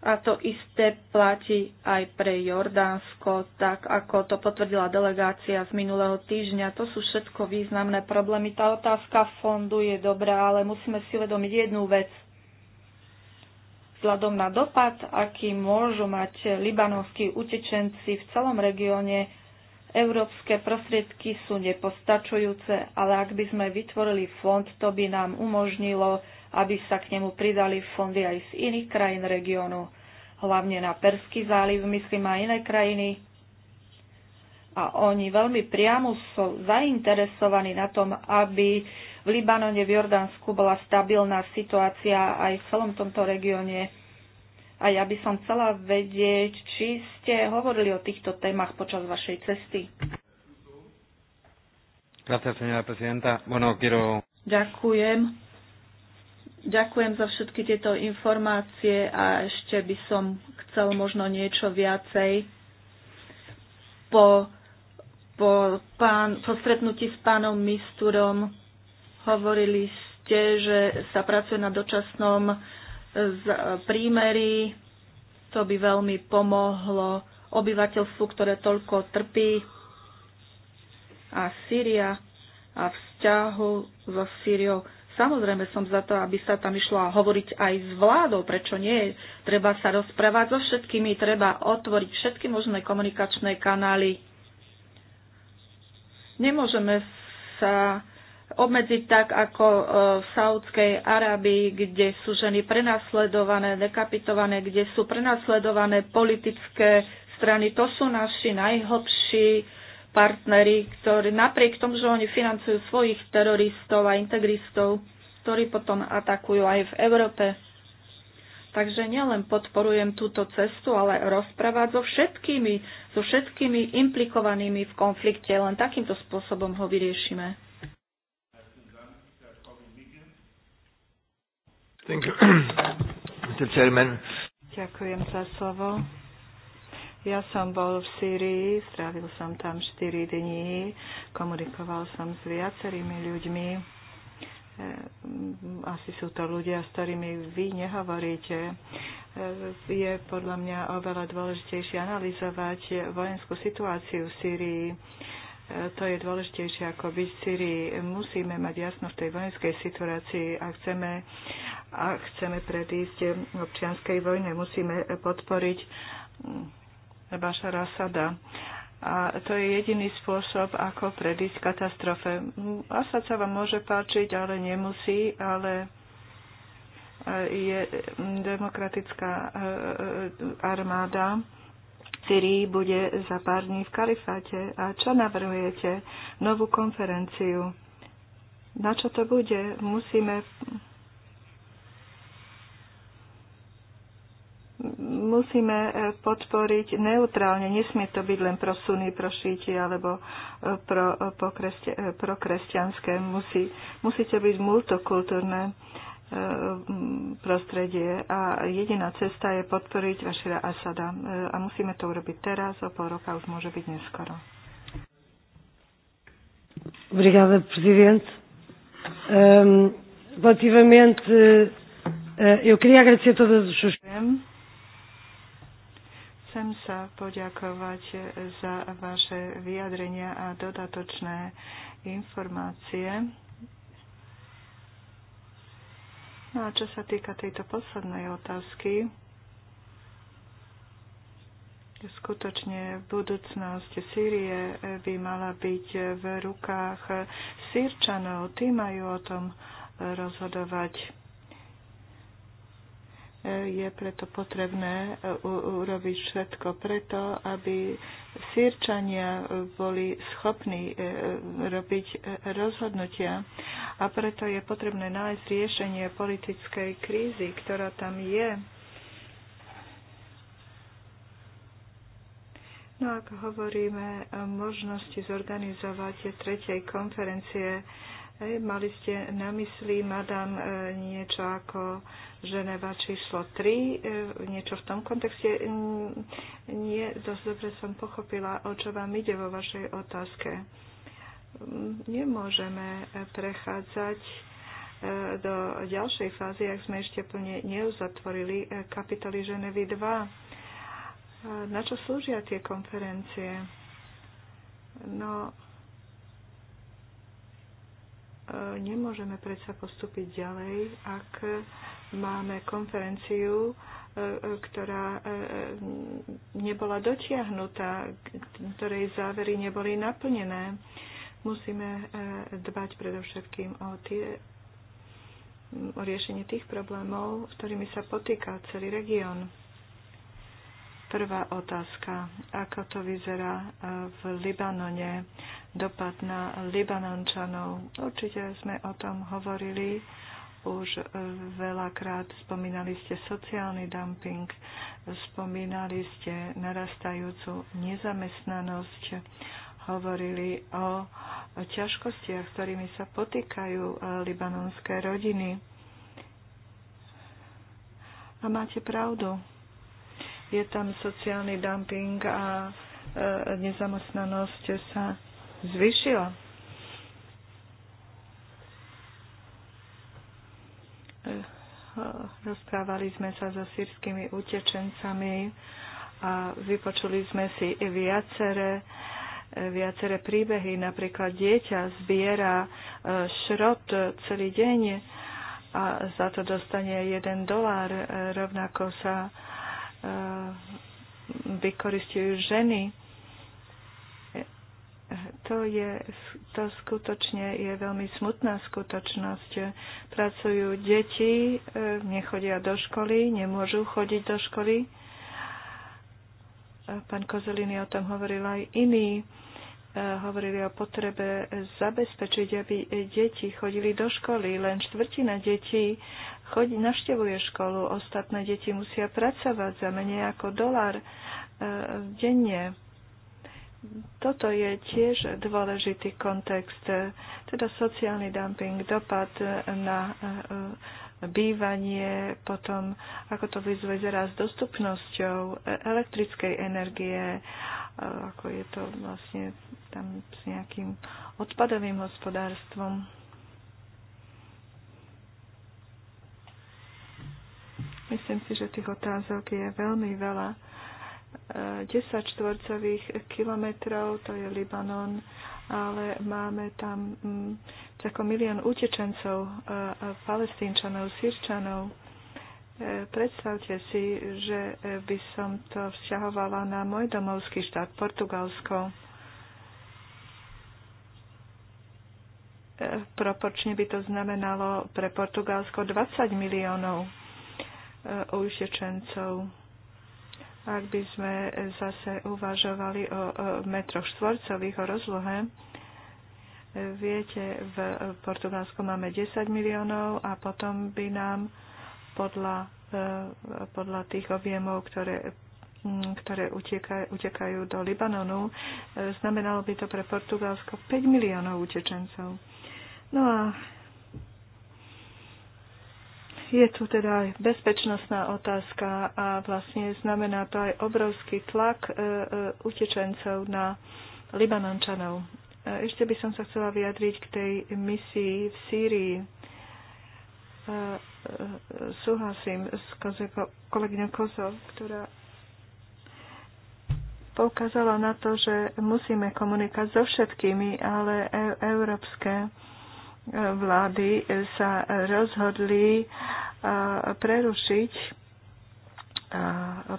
A to isté platí aj pre Jordánsko, tak ako to potvrdila delegácia z minulého týždňa. To sú všetko významné problémy. Tá otázka fondu je dobrá, ale musíme si uvedomiť jednu vec. Vzhľadom na dopad, aký môžu mať libanovskí utečenci v celom regióne, európske prostriedky sú nepostačujúce, ale ak by sme vytvorili fond, to by nám umožnilo, aby sa k nemu pridali fondy aj z iných krajín regiónu, hlavne na Perský záliv, myslím aj iné krajiny. A oni veľmi priamo sú zainteresovaní na tom, aby v Libanone, v Jordánsku bola stabilná situácia aj v celom tomto regióne. A ja by som chcela vedieť, či ste hovorili o týchto témach počas vašej cesty. Ďakujem. Ďakujem za všetky tieto informácie a ešte by som chcel možno niečo viacej. Po, po, pán, po stretnutí s pánom Misturom Hovorili ste, že sa pracuje na dočasnom e, e, prímery, To by veľmi pomohlo obyvateľstvu, ktoré toľko trpí. A Sýria a vzťahu so Sýriou. Samozrejme som za to, aby sa tam išlo a hovoriť aj s vládou, prečo nie. Treba sa rozprávať so všetkými, treba otvoriť všetky možné komunikačné kanály. Nemôžeme sa obmedziť tak, ako e, v Saudskej Arábii, kde sú ženy prenasledované, dekapitované, kde sú prenasledované politické strany. To sú naši najhlbší partneri, ktorí napriek tomu, že oni financujú svojich teroristov a integristov, ktorí potom atakujú aj v Európe. Takže nielen podporujem túto cestu, ale rozprávať so všetkými, so všetkými implikovanými v konflikte. Len takýmto spôsobom ho vyriešime. Thank you, Mr. Chairman. Ďakujem za slovo. Ja som bol v Sýrii, strávil som tam 4 dní, komunikoval som s viacerými ľuďmi. E, asi sú to ľudia, s ktorými vy nehovoríte. E, je podľa mňa oveľa dôležitejšie analyzovať vojenskú situáciu v Sýrii to je dôležitejšie ako byť v Syrii. Musíme mať jasno v tej vojenskej situácii a chceme, a chceme predísť občianskej vojne. Musíme podporiť Bašara Asada. A to je jediný spôsob, ako predísť katastrofe. Asad sa vám môže páčiť, ale nemusí, ale je demokratická e, e, e, armáda ktorý bude za pár dní v kalifáte. A čo navrhujete? Novú konferenciu. Na čo to bude? Musíme musíme e, podporiť neutrálne. Nesmie to byť len pro suny, pro šíti alebo e, pro, e, kresťa, pro kresťanské. Musí, musí to byť multokultúrne. Eh, prostredie a jediná cesta je podporiť Vašira Asada. Eh, a musíme to urobiť teraz, o pol roka už môže byť neskoro. Obrigada, Presidente. Um, relativamente, uh, eu queria agradecer todas as suas... Chcem sa poďakovať za vaše vyjadrenia a dodatočné informácie No a čo sa týka tejto poslednej otázky, skutočne budúcnosť Sýrie by mala byť v rukách Sýrčanov. Tí majú o tom rozhodovať je preto potrebné e, urobiť všetko preto, aby sírčania boli schopní e, robiť e, rozhodnutia a preto je potrebné nájsť riešenie politickej krízy, ktorá tam je. No ak hovoríme o možnosti zorganizovať tretej konferencie Mali ste na mysli, madam, e, niečo ako Ženeva číslo 3, e, niečo v tom kontexte. Nie, dosť dobre som pochopila, o čo vám ide vo vašej otázke. Mm, nemôžeme prechádzať e, do ďalšej fázy, ak sme ešte plne neuzatvorili kapitoly Ženevy 2. Na čo slúžia tie konferencie? No, nemôžeme predsa postúpiť ďalej, ak máme konferenciu, e, e, ktorá e, nebola dotiahnutá, ktorej závery neboli naplnené. Musíme dbať predovšetkým o, tie, o riešenie tých problémov, s ktorými sa potýka celý región. Prvá otázka. Ako to vyzerá e, v Libanone? Dopad na Libanončanov. Určite sme o tom hovorili už e, veľakrát. Spomínali ste sociálny dumping, spomínali ste narastajúcu nezamestnanosť, hovorili o ťažkostiach, ktorými sa potýkajú e, libanonské rodiny. A máte pravdu je tam sociálny dumping a e, nezamestnanosť sa zvyšila. E, e, rozprávali sme sa so sírskymi utečencami a vypočuli sme si viaceré, viaceré príbehy. Napríklad dieťa zbiera šrot celý deň a za to dostane jeden dolár. Rovnako sa Eh, vykoristujú ženy. To, je, to skutočne je veľmi smutná skutočnosť. Pracujú deti, eh, nechodia do školy, nemôžu chodiť do školy. Pán Kozeliny o tom hovoril aj iný hovorili o potrebe zabezpečiť, aby deti chodili do školy. Len štvrtina detí chodí, navštevuje školu, ostatné deti musia pracovať za menej ako dolar e, denne. Toto je tiež dôležitý kontext, e, teda sociálny dumping, dopad na e, bývanie, potom ako to vyzerá s dostupnosťou elektrickej energie, ako je to vlastne tam s nejakým odpadovým hospodárstvom. Myslím si, že tých otázok je veľmi veľa. 10 e, štvorcových kilometrov, to je Libanon, ale máme tam mm, ako milión utečencov, e, palestínčanov, sírčanov. Predstavte si, že by som to vzťahovala na môj domovský štát, Portugalsko. E, proporčne by to znamenalo pre Portugalsko 20 miliónov e, utečencov. Ak by sme zase uvažovali o metroch štvorcových, o rozlohe, e, viete, v Portugalsku máme 10 miliónov a potom by nám podľa, eh, podľa tých objemov, ktoré mm, ktoré utekajú, utekajú do Libanonu. Eh, znamenalo by to pre Portugalsko 5 miliónov utečencov. No a je tu teda aj bezpečnostná otázka a vlastne znamená to aj obrovský tlak eh, utečencov na Libanončanov. Ešte by som sa chcela vyjadriť k tej misii v Sýrii súhlasím s kolegyňou Kozov, ktorá poukázala na to, že musíme komunikovať so všetkými, ale e- európske e, vlády sa rozhodli e, prerušiť e,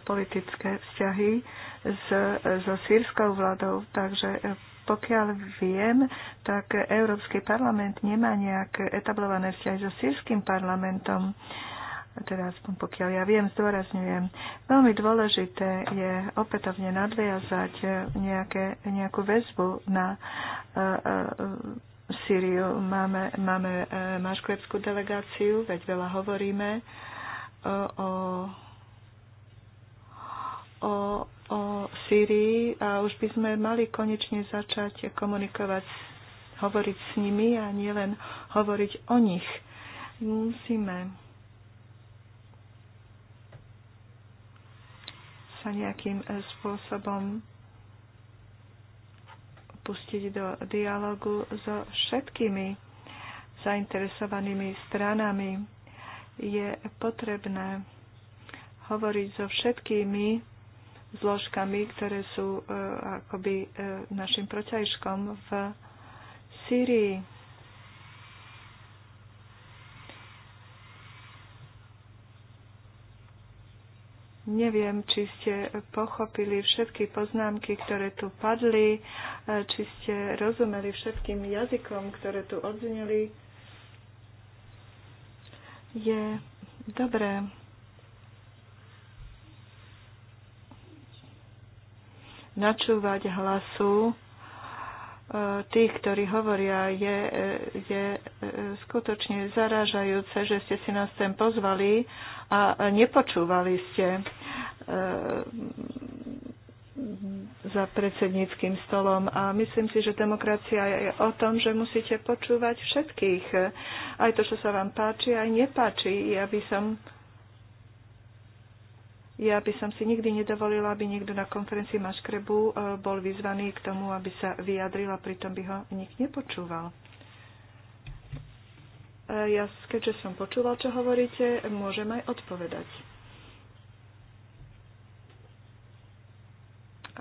politické vzťahy s, so sírskou vládou, takže e, pokiaľ viem, tak Európsky parlament nemá nejak etablované vzťahy so sírským parlamentom. Teda aspoň pokiaľ ja viem, zdôrazňujem. Veľmi dôležité je opätovne nadviazať nejaké, nejakú väzbu na uh, e, uh, e, Syriu. Máme, máme maškrebskú delegáciu, veď veľa hovoríme o, o, o o Sýrii a už by sme mali konečne začať komunikovať, hovoriť s nimi a nielen hovoriť o nich. Musíme sa nejakým e, spôsobom pustiť do dialogu so všetkými zainteresovanými stranami. Je potrebné hovoriť so všetkými zložkami, ktoré sú e, akoby e, našim protiažkom v Sýrii. Neviem, či ste pochopili všetky poznámky, ktoré tu padli, e, či ste rozumeli všetkým jazykom, ktoré tu odzneli. Je dobré načúvať hlasu e, tých, ktorí hovoria, je, e, je e, skutočne zaražajúce, že ste si nás sem pozvali a nepočúvali ste za predsedníckým stolom. A myslím si, že demokracia je o tom, že musíte počúvať všetkých. Aj to, čo sa vám páči, aj nepáči. Ja by som ja by som si nikdy nedovolila, aby niekto na konferencii Maškrebu e, bol vyzvaný k tomu, aby sa vyjadril a pritom by ho nikto nepočúval. E, ja, keďže som počúval, čo hovoríte, môžem aj odpovedať.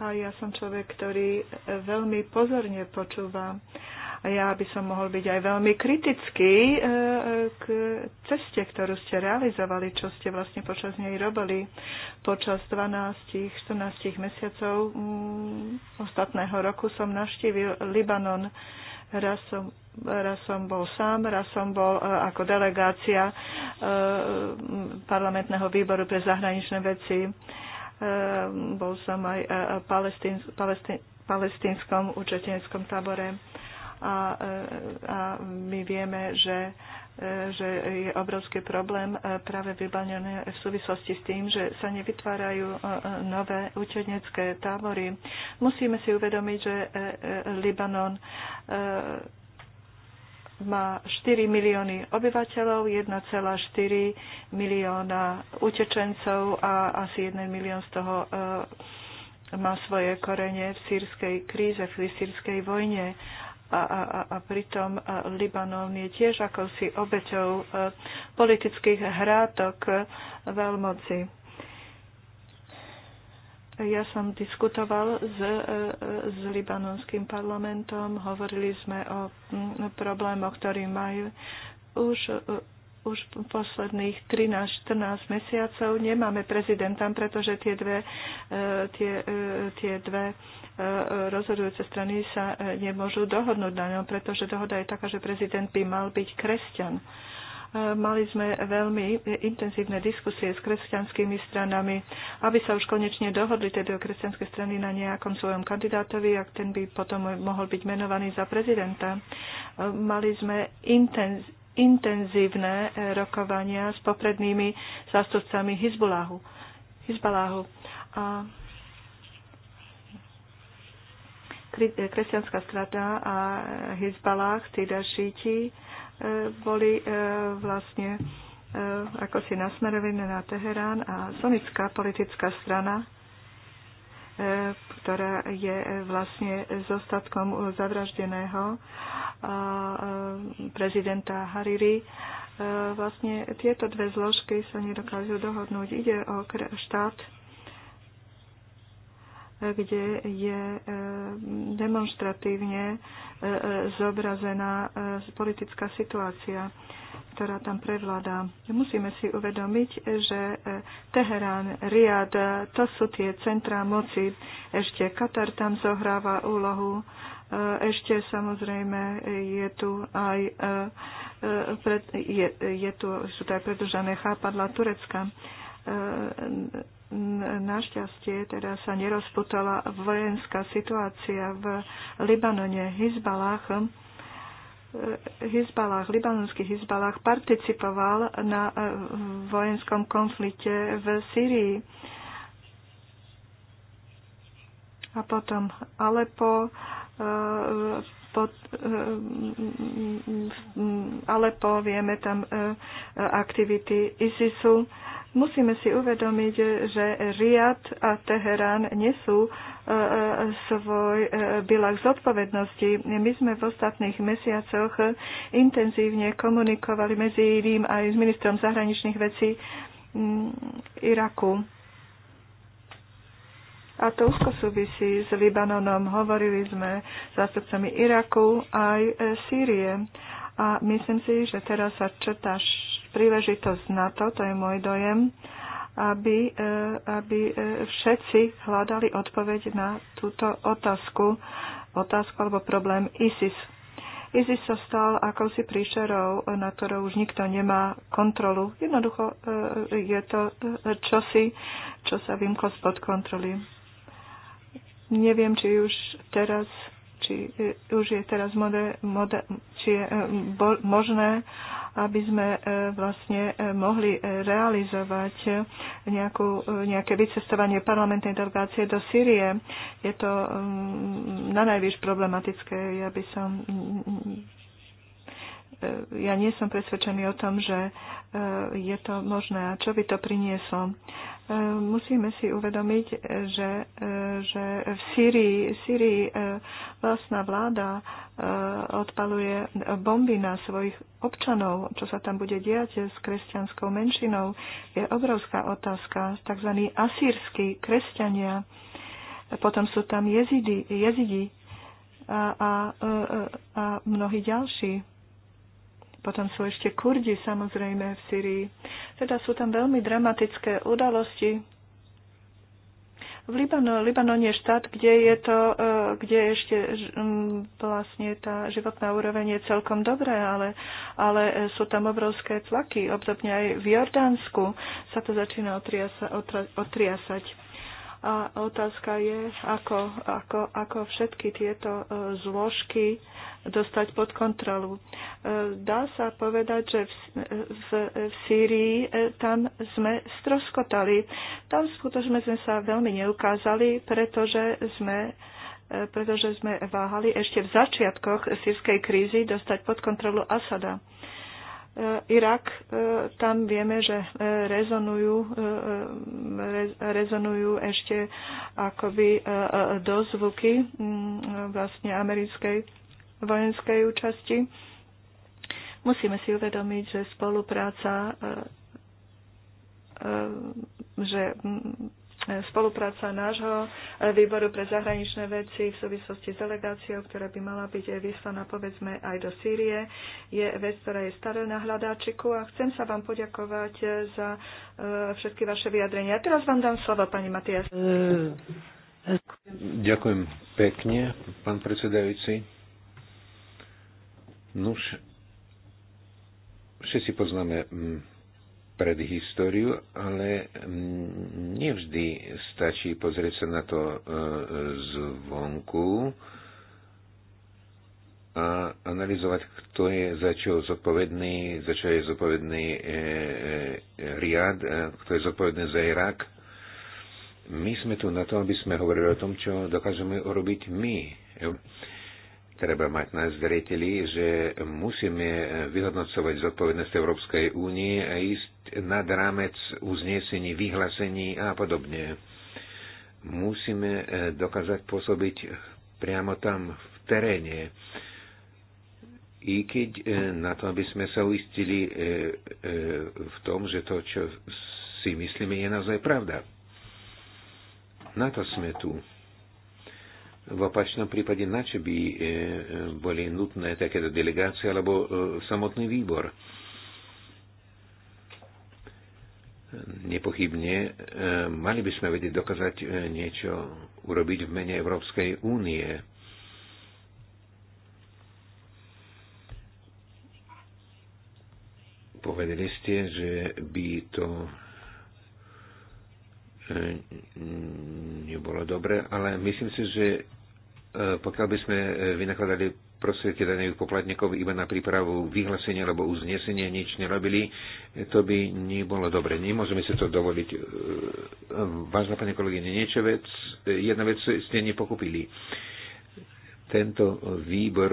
A ja som človek, ktorý veľmi pozorne počúva ja by som mohol byť aj veľmi kritický e, e, k ceste, ktorú ste realizovali, čo ste vlastne počas nej robili počas 12-14 mesiacov mm, ostatného roku som navštívil Libanon. Raz som, raz som bol sám, raz som bol e, ako delegácia parlamentného výboru pre zahraničné veci. Bol som aj palestín, palestín, palestínskom učetenskom tabore a, e, a my vieme, že e, že je obrovský problém e, práve vybanené v súvislosti s tým, že sa nevytvárajú nové učenecké tábory. Musíme si uvedomiť, že Libanon má 4 milióny obyvateľov, 1,4 milióna utečencov a asi 1 milión z toho má svoje korene v sírskej kríze, v sírskej vojne a, a, a, a pritom Libanon je tiež ako si obeťou e, politických hrátok e, veľmoci. Ja som diskutoval s, e, s libanonským parlamentom, hovorili sme o problémoch, ktorý majú už už posledných 13-14 mesiacov nemáme prezidenta, pretože tie dve, e, tie, e, tie dve e, rozhodujúce strany sa nemôžu dohodnúť na ňom, pretože dohoda je taká, že prezident by mal byť kresťan. Mali sme veľmi intenzívne diskusie s kresťanskými stranami, aby sa už konečne dohodli tie dve kresťanské strany na nejakom svojom kandidátovi, ak ten by potom mohol byť menovaný za prezidenta. Mali sme intenz, intenzívne e, rokovania s poprednými zástupcami Hizbaláhu. Hizbaláhu. A e, kresťanská strata a Hizbalách, teda šíti, e, boli vlastne ako si nasmerovené na Teherán a sonická politická strana E, ktorá je e, vlastne zostatkom zavraždeného e, prezidenta Hariri. Vlastne tieto dve zložky sa nedokážu dohodnúť. Ide o štát, kde je e, demonstratívne e, e, zobrazená politická situácia, ktorá tam prevládá. Musíme si uvedomiť, že Teherán, Riad, to sú tie centrá moci. Ešte Katar tam zohráva úlohu. Ešte samozrejme je tu aj je, je tu, sú tu aj predlžané chápadla Turecka našťastie teda sa nerozputala vojenská situácia v Libanone. Hizbalách, Hizbalách, libanonských Hizbalách participoval na e, vojenskom konflikte v Syrii. A potom Alepo, e, pod, e, Alepo, vieme tam aktivity ISISu Musíme si uvedomiť, že Riad a Teherán nesú e, e, svoj e, bilak zodpovednosti. My sme v ostatných mesiacoch intenzívne komunikovali medzi iným aj s ministrom zahraničných vecí Iraku. A to úzko súvisí s Libanonom. Hovorili sme s zástupcami Iraku aj Sýrie. A myslím si, že teraz sa četáš príležitosť na to, to je môj dojem, aby, e, aby e, všetci hľadali odpoveď na túto otázku, otázku alebo problém ISIS. ISIS sa stal akousi príšerou, na ktorou už nikto nemá kontrolu. Jednoducho e, je to čosi, čo sa vymklo spod kontroly. Neviem, či už teraz či e, už je teraz mode, mode, či je e, bo, možné, aby sme e, vlastne mohli realizovať nejakú, nejaké vycestovanie parlamentnej delegácie do Sýrie. Je to mm, na najvyššie problematické. Ja by som mm, E, ja nie som presvedčený o tom, že e, je to možné. A čo by to prinieslo? E, musíme si uvedomiť, že, že v Sýrii, Sýrii vlastná vláda odpaluje bomby na svojich občanov. Čo sa tam bude diať s kresťanskou menšinou, je obrovská otázka. Tzv. asýrsky kresťania. Potom sú tam jezidi, jezidi a, a, a mnohí ďalší. Potom sú ešte Kurdi samozrejme v Syrii. Teda sú tam veľmi dramatické udalosti. V Libano, Libanon je štát, kde je to, e, kde ešte vlastne tá životná úroveň je celkom dobré, ale, ale sú tam obrovské tlaky. Obdobne aj v Jordánsku sa to začína otriasa, otra, otriasať a otázka je, ako, ako, ako všetky tieto e, zložky dostať pod kontrolu. E, dá sa povedať, že v, v, v Sýrii e, tam sme stroskotali. Tam skutočne sme sa veľmi neukázali, pretože sme pretože sme váhali ešte v začiatkoch sírskej krízy dostať pod kontrolu Asada. E, Irak, e, tam vieme, že e, rezonujú, rezonujú ešte akoby dozvuky mm, vlastne americkej vojenskej účasti. Musíme si uvedomiť, že spolupráca že mm, spolupráca nášho e, výboru pre zahraničné veci v súvislosti s delegáciou, ktorá by mala byť e, vyslaná povedzme aj do Sýrie, je vec, ktorá je staré na hľadáčiku a chcem sa vám poďakovať e, za všetky vaše vyjadrenia. A teraz vám dám slovo, pani Matias. Ďakujem pekne, pán predsedajúci. Nuž, všetci poznáme mm, predhistóriu, ale mm, nevždy stačí pozrieť sa na to e, zvonku a analyzovať, kto je za čo zodpovedný, za čo je zodpovedný e, e, Riad, e, kto je zodpovedný za Irak. My sme tu na to, aby sme hovorili o tom, čo dokážeme urobiť my treba mať na zreteli, že musíme vyhodnocovať zodpovednosť Európskej únie a ísť nad rámec uznesení, vyhlásení a podobne. Musíme e, dokázať pôsobiť priamo tam, v teréne. I keď e, na to, aby sme sa uistili e, v tom, že to, čo si myslíme, je naozaj pravda. Na to sme tu. V opačnom prípade na čo by e, e, boli nutné takéto delegácie alebo e, samotný výbor? Nepochybne mali by sme vedieť dokázať niečo urobiť v mene Európskej únie. Povedali ste, že by to nebolo dobre, ale myslím si, že E, pokiaľ by sme e, vynakladali prostriedky daných poplatníkov iba na prípravu vyhlásenia alebo uznesenia, nič nerobili, e, to by nebolo dobre. Nemôžeme si to dovoliť. Vážna pani kolegyne, niečo vec, jedna vec ste nepokúpili. Tento výbor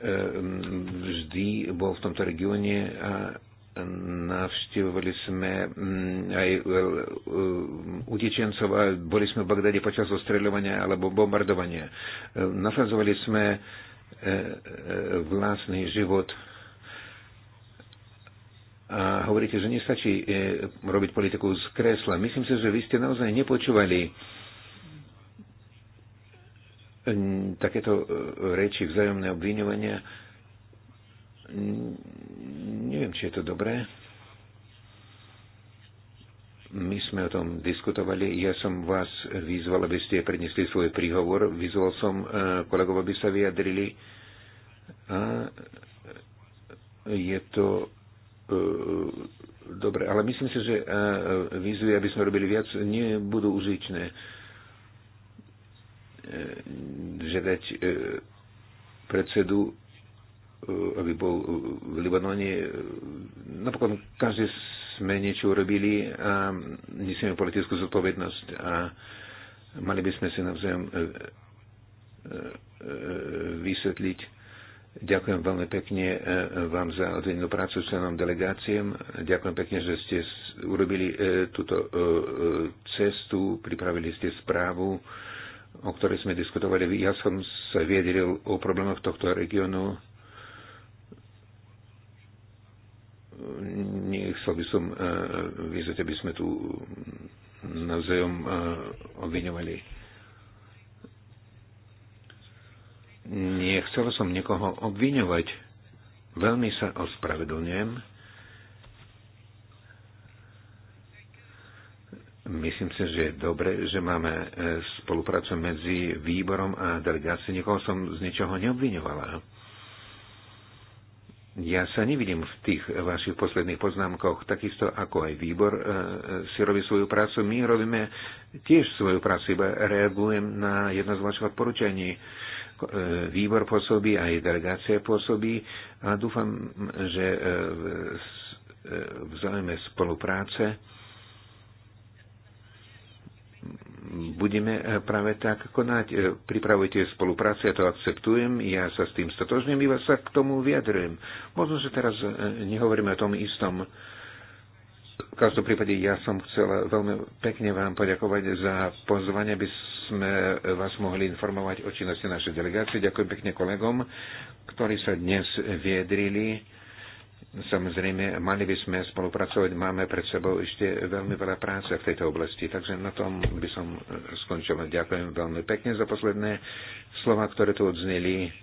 vždy bol v tomto regióne a Navštívovali sme mm, aj e, e, utečencov a boli sme v Bagdade počas ostreľovania alebo bombardovania. E, nasadzovali sme vlastný život a hovoríte, že nestačí robiť politiku z kresla. Myslím si, že vy ste naozaj nepočúvali mm, takéto reči, vzájomné obviňovania Mm, neviem, či je to dobré. My sme o tom diskutovali. Ja som vás vyzval, aby ste prednesli svoj príhovor. Vyzval som eh, kolegov, aby sa vyjadrili. A eh, je to eh, dobre, ale myslím si, že výzvy, aby sme robili viac, nebudú užičné. Žiadať predsedu E, aby bol e, v Libanone. E, napokon každý sme niečo urobili a nesieme politickú zodpovednosť a mali by sme si navzájom vysvetliť. Ďakujem veľmi pekne vám za odvedenú prácu s členom delegáciem. Ďakujem pekne, že ste urobili túto cestu, pripravili ste správu, o ktorej sme diskutovali. Ja som sa viedril o problémoch tohto regiónu nechcel by som e, vyzvať, aby sme tu navzájom e, obviňovali. Nechcel som niekoho obviňovať. Veľmi sa ospravedlňujem. Myslím si, že je dobre, že máme e, spoluprácu medzi výborom a delegáciou. Nikoho som z ničoho neobviňovala. Ja sa nevidím v tých vašich posledných poznámkoch, takisto ako aj výbor e, si robí svoju prácu. My robíme tiež svoju prácu, iba reagujem na jedno z vašich odporúčaní. E, výbor pôsobí, aj delegácia pôsobí a dúfam, že e, v e, záujme spolupráce budeme eh, práve tak konať. Eh, pripravujte spoluprácu, ja to akceptujem, ja sa s tým stotožňujem, iba sa k tomu vyjadrujem. Možno, že teraz eh, nehovoríme o tom istom. V každom prípade ja som chcela veľmi pekne vám poďakovať za pozvanie, aby sme vás mohli informovať o činnosti našej delegácie. Ďakujem pekne kolegom, ktorí sa dnes viedrili Samozrejme, mali by sme spolupracovať, máme pred sebou ešte veľmi veľa práce v tejto oblasti, takže na tom by som e, skončila. Ďakujem veľmi pekne za posledné slova, ktoré tu odzneli.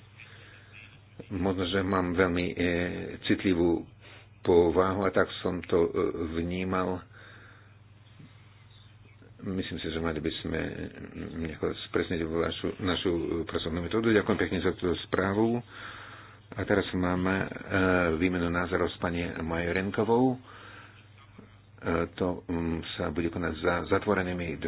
Možno, že mám veľmi e, citlivú povahu a tak som to e, vnímal. Myslím si, že mali by sme e, nejako spresniť našu, našu e, pracovnú metódu. Ďakujem pekne za tú správu. A teraz máme e, výmenu názorov s pani Majorenkovou. E, to mm, sa bude konať za zatvorenými dverami.